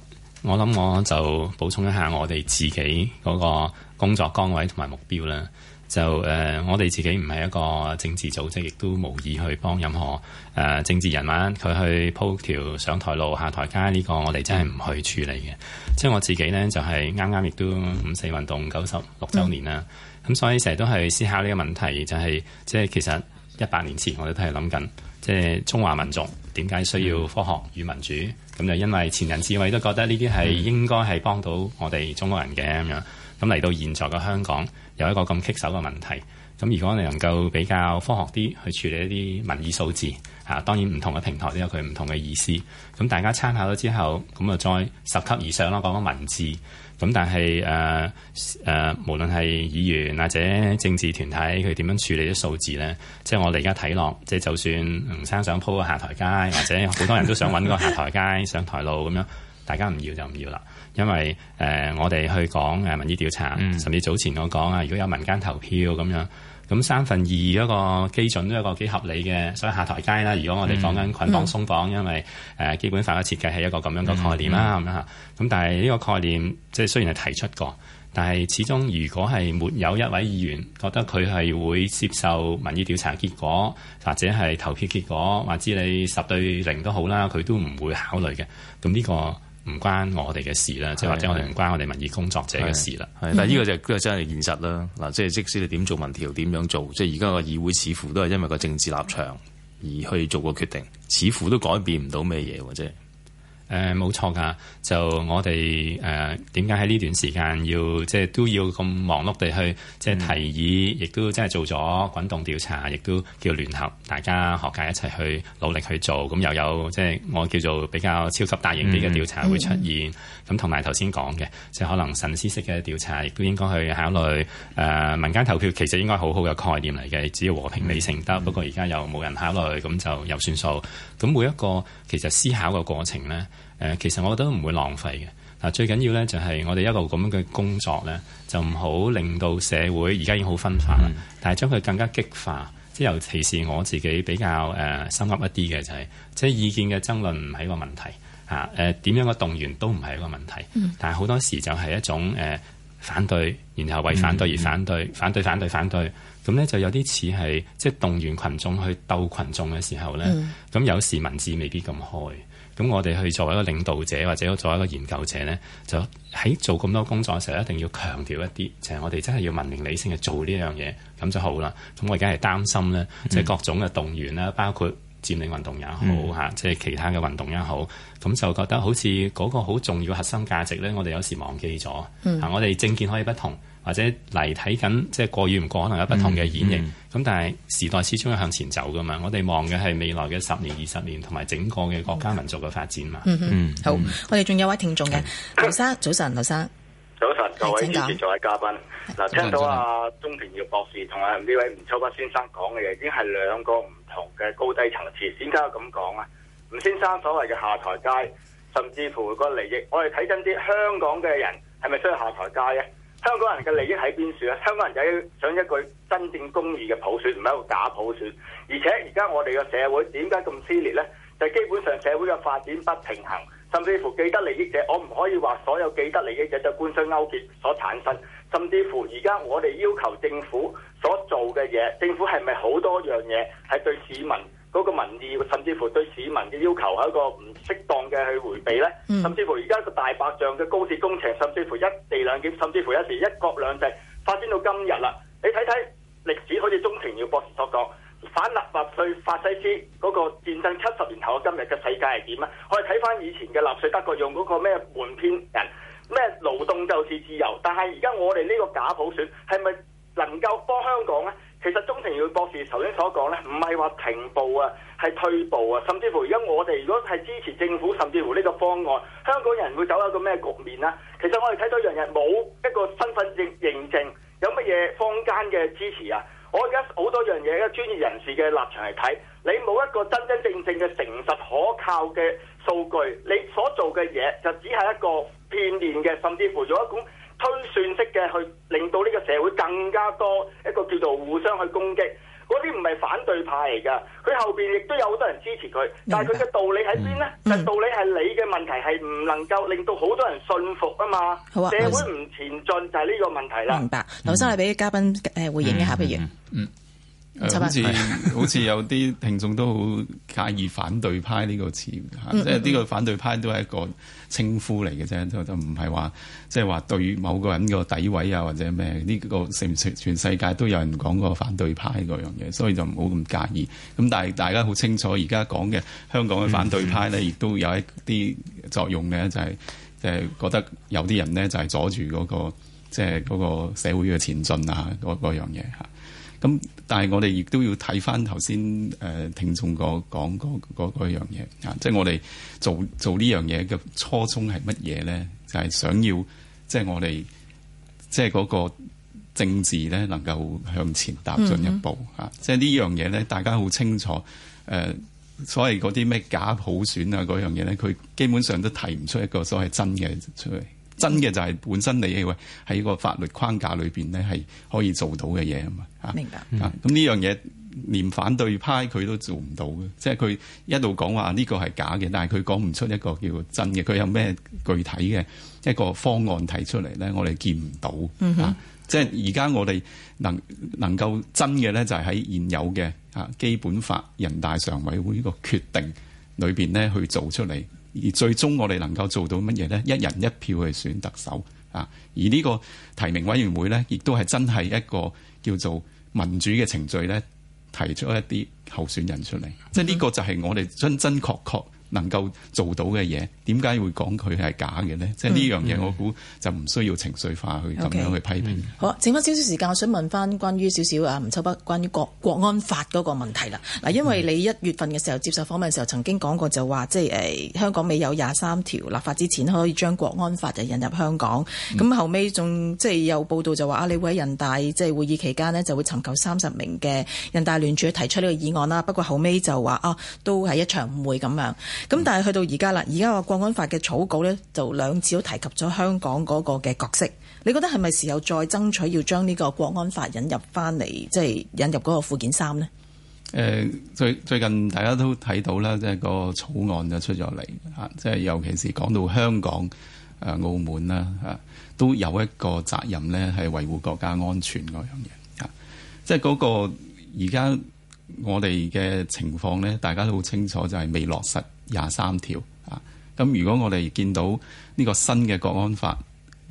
我諗我就補充一下我哋自己嗰個工作崗位同埋目標啦。就誒、呃，我哋自己唔係一個政治組織，亦都無意去幫任何誒、呃、政治人物佢去鋪條上台路下台階呢、這個，我哋真係唔去處理嘅。即係我自己呢，就係啱啱亦都五四運動九十六周年啦。咁、嗯、所以成日都係思考呢個問題，就係、是、即係其實一百年前我都都係諗緊，即係中華民族點解需要科學與民主。咁就因為前人智慧都覺得呢啲係應該係幫到我哋中國人嘅咁、嗯、樣，咁嚟到現在嘅香港有一個咁棘手嘅問題，咁如果你能夠比較科學啲去處理一啲民意數字嚇、啊，當然唔同嘅平台都有佢唔同嘅意思，咁大家參考咗之後，咁啊再十級以上啦講緊文字。咁但係誒誒，無論係議員或者政治團體，佢點樣處理啲數字咧？即係我哋而家睇落，即係就算吳生想鋪個下台階，或者好多人都想揾個下台階 上台路咁樣，大家唔要就唔要啦。因為誒、呃，我哋去講誒民意調查，嗯、甚至早前我講啊，如果有民間投票咁樣。咁三分二嗰個基準都一個幾合理嘅，所以下台階啦。如果我哋講緊捆綁鬆綁，嗯、因為誒基本法嘅設計係一個咁樣嘅概念啦，啱啦嚇。咁、嗯、但係呢個概念，即係雖然係提出過，但係始終如果係沒有一位議員覺得佢係會接受民意調查結果，或者係投票結果，或者你十對零好都好啦，佢都唔會考慮嘅。咁呢、呢個唔關我哋嘅事啦，即係係或者我哋唔關係我哋民意工作者嘅事啦。但係呢個就係真係現實啦。嗱、嗯，即係即使你點做民調，點樣做，即係而家個議會似乎都係因為個政治立場而去做個決定，似乎都改變唔到咩嘢喎，即係。誒冇、嗯、錯㗎，就我哋誒點解喺呢段時間要即係、就是、都要咁忙碌地去即係、就是、提議，亦、嗯、都即係做咗滾動調查，亦都叫聯合大家學界一齊去努力去做，咁又有即係、就是、我叫做比較超級大型啲嘅調查會出現。嗯嗯咁同埋頭先講嘅，即係、就是、可能審思式嘅調查，亦都應該去考慮誒、呃、民間投票。其實應該好好嘅概念嚟嘅，只要和平理性得，嗯、不過而家又冇人考慮，咁就又算數。咁每一個其實思考嘅過程呢，誒、呃，其實我覺得都唔會浪費嘅。嗱，最緊要呢，就係我哋一個咁樣嘅工作呢，就唔好令到社會而家已經好分化啦，嗯、但係將佢更加激化。即係尤其是我自己比較誒、呃、深入一啲嘅、就是，就係即係意見嘅爭論唔係一個問題。啊，誒、呃、點樣嘅動員都唔係一個問題，嗯、但係好多時就係一種誒、呃、反對，然後為反對而反對，反對反對反對，咁呢就有啲似係即係動員群眾去鬥群眾嘅時候呢。咁、嗯、有時文字未必咁開，咁我哋去作為一個領導者或者作為一個研究者呢，就喺做咁多工作嘅時候，一定要強調一啲，就係、是、我哋真係要文明理性去做呢樣嘢，咁就好啦。咁我而家係擔心呢，即、就、係、是、各種嘅動員啦，嗯、包括。佔領運動也好嚇，即係、嗯、其他嘅運動也好，咁就覺得好似嗰個好重要核心價值咧，我哋有時忘記咗。嚇、嗯啊，我哋政見可以不同，或者嚟睇緊即係過與唔過，可能有不同嘅演繹。咁、嗯嗯、但係時代始終係向前走噶嘛，我哋望嘅係未來嘅十年、二十年同埋整個嘅國家民族嘅發展嘛。嗯，嗯好，我哋仲有位聽眾嘅是劉生，早晨，劉生，早晨，各位主持人、各位嘉賓，嗱晨，晨聽到阿鍾庭耀博士同埋呢位吳秋北先生講嘅嘢，已經係兩個嘅高低層次，點解我咁講啊？吳先生所謂嘅下台階，甚至乎個利益，我哋睇真啲香港嘅人係咪需要下台階嘅？香港人嘅利益喺邊處咧？香港人就要想一句真正公義嘅普選，唔係一個假普選。而且而家我哋嘅社會點解咁撕裂呢？就是、基本上社會嘅發展不平衡。甚至乎既得利益者，我唔可以話所有既得利益者就官商勾結所產生。甚至乎而家我哋要求政府所做嘅嘢，政府係咪好多樣嘢係對市民嗰、那個民意，甚至乎對市民嘅要求係一個唔適當嘅去迴避呢？Mm. 甚至乎而家個大白象嘅高鐵工程，甚至乎一地兩檢，甚至乎一時一國兩制發展到今日啦。你睇睇歷史，好似鍾庭耀博士所講。反納粹法、法西斯嗰個戰爭七十年後嘅今日嘅世界係點啊？我哋睇翻以前嘅納粹德國用嗰個咩誣騙人咩勞動就是自由，但係而家我哋呢個假普選係咪能夠幫香港呢？其實鍾庭耀博士頭先所講呢，唔係話停步啊，係退步啊，甚至乎而家我哋如果係支持政府，甚至乎呢個方案，香港人會走一個咩局面呢？其實我哋睇到一樣樣冇一個身份認、認證，有乜嘢坊間嘅支持啊？我而家好多樣嘢，依家專業人士嘅立場嚟睇，你冇一個真真正正嘅誠實可靠嘅數據，你所做嘅嘢就只係一個片面嘅，甚至乎有一種推算式嘅，去令到呢個社會更加多一個叫做互相去攻擊。嗰啲唔係反對派嚟噶，佢後邊亦都有好多人支持佢，明白，但係佢嘅道理喺邊呢？嗯嗯、就係道理係你嘅問題係唔能夠令到好多人信服啊嘛，好啊，社會唔明白前進就係呢個問題啦。明白，劉生，嗯、你俾啲嘉賓誒回應一下，不、嗯、如？嗯。嗯嗯呃、好似 有啲聽眾都好介意反對派呢個詞， 即係呢個反對派都係一個稱呼嚟嘅啫，就就唔係話即係話對某個人個詆毀啊或者咩？呢、呢個成全，全世界都有人講過反對派嗰樣嘢，所以就唔好咁介意。咁但係大家好清楚，而家講嘅香港嘅反對派咧，亦 都有一啲作用嘅，就係、是、誒覺得有啲人咧就係、是、阻住嗰、嗰個即係嗰個社會嘅前進啊，嗰樣嘢嚇。咁，但係我哋亦都要睇翻頭先誒聽眾個講嗰樣嘢啊，即係我哋做做呢樣嘢嘅初衷係乜嘢咧？就係想要即係我哋即係嗰個政治咧能夠向前踏進一步嗯嗯啊！即係呢樣嘢咧，大家好清楚誒、呃，所謂嗰啲咩假普選啊嗰樣嘢咧，佢基本上都提唔出一個所謂真嘅出嚟。真嘅就係本身你喎，喺個法律框架裏邊咧係可以做到嘅嘢啊嘛嚇，明白，咁呢樣嘢連反對派佢都做唔到嘅，即係佢一路講話呢個係假嘅，但係佢講唔出一個叫真嘅，佢有咩具體嘅一個方案提出嚟咧？我哋見唔到啊！即係而家我哋能能夠真嘅咧，就係喺現有嘅啊基本法人大常委會個決定裏邊咧去做出嚟。而最終我哋能夠做到乜嘢呢？一人一票去選特首啊！而呢個提名委員會呢，亦都係真係一個叫做民主嘅程序呢，提出一啲候選人出嚟。即係呢個就係我哋真真確確，能夠做到嘅嘢，點解會講佢係假嘅呢？嗯、即係呢樣嘢，嗯、我估就唔需要情緒化去咁 Okay. 樣去批評。好，剩翻少少時間，我想問翻關於少少啊吳秋北關於國國安法嗰個問題啦。嗱，因為你一月份嘅時候接受訪問嘅時候曾經講過就話，即係誒香港未有廿三條立法之前，可以將國安法就引入香港。咁、嗯、後尾仲即係有報道就話啊，你會喺人大即係會議期間呢，就會尋求三十名嘅人大聯署提出呢個議案啦。不過後尾就話啊、哦，都係一場誤會咁樣。咁、嗯、但係去到而家啦，而家個國安法嘅草稿咧，就兩次都提及咗香港嗰個嘅角色。你覺得係咪時候再爭取要將呢個國安法引入翻嚟，即係引入嗰個附件三呢？誒、嗯，最最近大家都睇到啦，即係嗰個草案就出咗嚟啊！即係尤其是講到香港、誒澳門啦吓，都有一個責任咧，係維護國家安全嗰樣嘢啊！即係嗰個而家我哋嘅情況咧，大家都好清楚，就係未落實。廿三條啊，咁如果我哋見到呢個新嘅國安法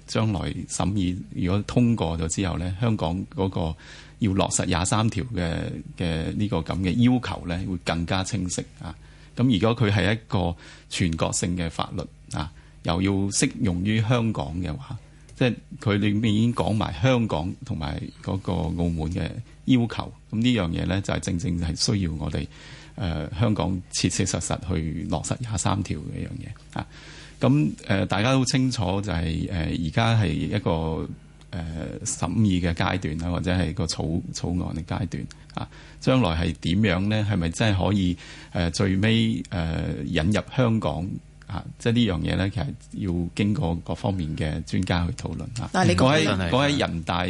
將來審議，如果通過咗之後呢，香港嗰個要落實廿三條嘅嘅呢個咁嘅要求呢，會更加清晰啊！咁如果佢係一個全國性嘅法律啊，又要適用於香港嘅話，即係佢裏面已經講埋香港同埋嗰個澳門嘅要求，咁呢樣嘢呢，就係正正係需要我哋。誒、呃、香港切切實實去落實廿三條嘅一樣嘢啊，咁、啊、誒大家都清楚就係誒而家係一個誒審議嘅階段啦、啊，或者係個草草案嘅階段啊，將來係點樣咧？係咪真係可以誒、啊、最尾誒、啊、引入香港啊，啊？即係呢樣嘢咧，其實要經過各方面嘅專家去討論啊。但係你講喺講喺人大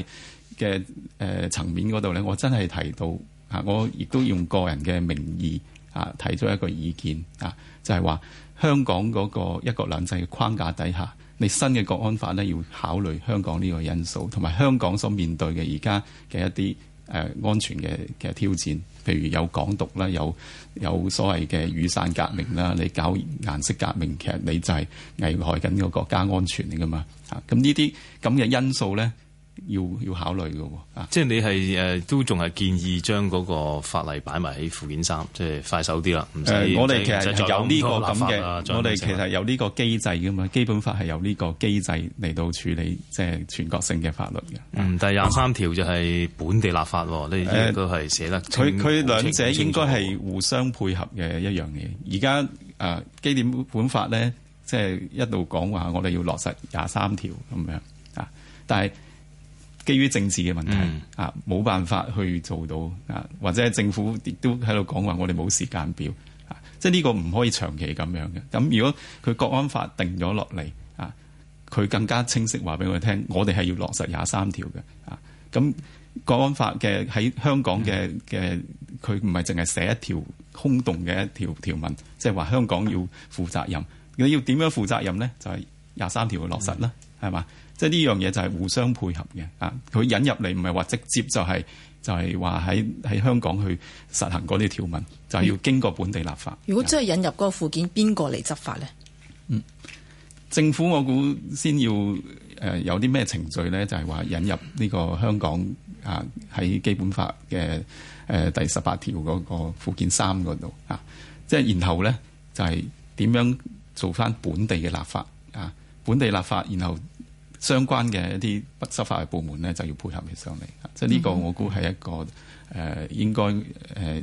嘅誒層面嗰度咧，我真係提到。啊！我亦都用個人嘅名義啊，提出一個意見啊，就係話香港嗰個一國兩制嘅框架底下，你新嘅國安法呢，要考慮香港呢個因素，同埋香港所面對嘅而家嘅一啲誒安全嘅嘅挑戰，譬如有港獨啦，有有所謂嘅雨傘革命啦，你搞顏色革命，其實你就係危害緊個國家安全嚟噶嘛！啊，咁呢啲咁嘅因素咧。要要考慮㗎喎，即係你係誒都仲係建議將嗰個法例擺埋喺附件三，即係快手啲啦，唔使。誒，我哋其實有呢個咁嘅，我哋其實有呢個機制㗎嘛。基本法係有呢個機制嚟到處理，即係全國性嘅法律嘅。嗯，第廿三條就係本地立法，你應該係寫得。佢佢兩者應該係互相配合嘅一樣嘢。而家誒基點本法咧，即係一路講話我哋要落實廿三條咁樣啊，但係，基於政治嘅問題、嗯、啊，冇辦法去做到啊，或者政府亦都喺度講話，我哋冇時間表啊，即係呢個唔可以長期咁樣嘅。咁、啊、如果佢國安法定咗落嚟啊，佢更加清晰話俾我哋聽，我哋係要落實廿三條嘅啊。咁、啊、國安法嘅喺香港嘅嘅，佢唔係淨係寫一條空洞嘅一條條文，即係話香港要負責任。如果要點樣負責任咧？就係廿三條落實啦，係嘛、嗯？即係呢樣嘢就係互相配合嘅啊。佢引入嚟唔係話直接就係、是、就係話喺喺香港去實行嗰啲條文，嗯、就係要經過本地立法。如果真係引入嗰個附件，邊個嚟執法咧？嗯，政府我估先要誒、呃、有啲咩程序咧，就係、是、話引入呢個香港啊喺基本法嘅誒、呃、第十八條嗰個附件三嗰度啊，即、啊、係然後咧就係、是、點樣做返本地嘅立法啊，啊？本地立法然後。相關嘅一啲不執法嘅部門咧，就要配合起上嚟。嗯、哼即係呢個，個，我估係一個誒應該誒、呃，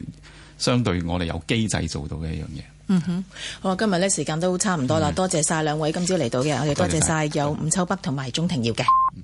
相對我哋有機制做到嘅一樣嘢。嗯哼，好啊，今日咧時間都差唔多啦，嗯、哼多謝晒兩位今朝嚟到嘅，我哋多謝晒有吳秋北同埋鍾庭耀嘅。嗯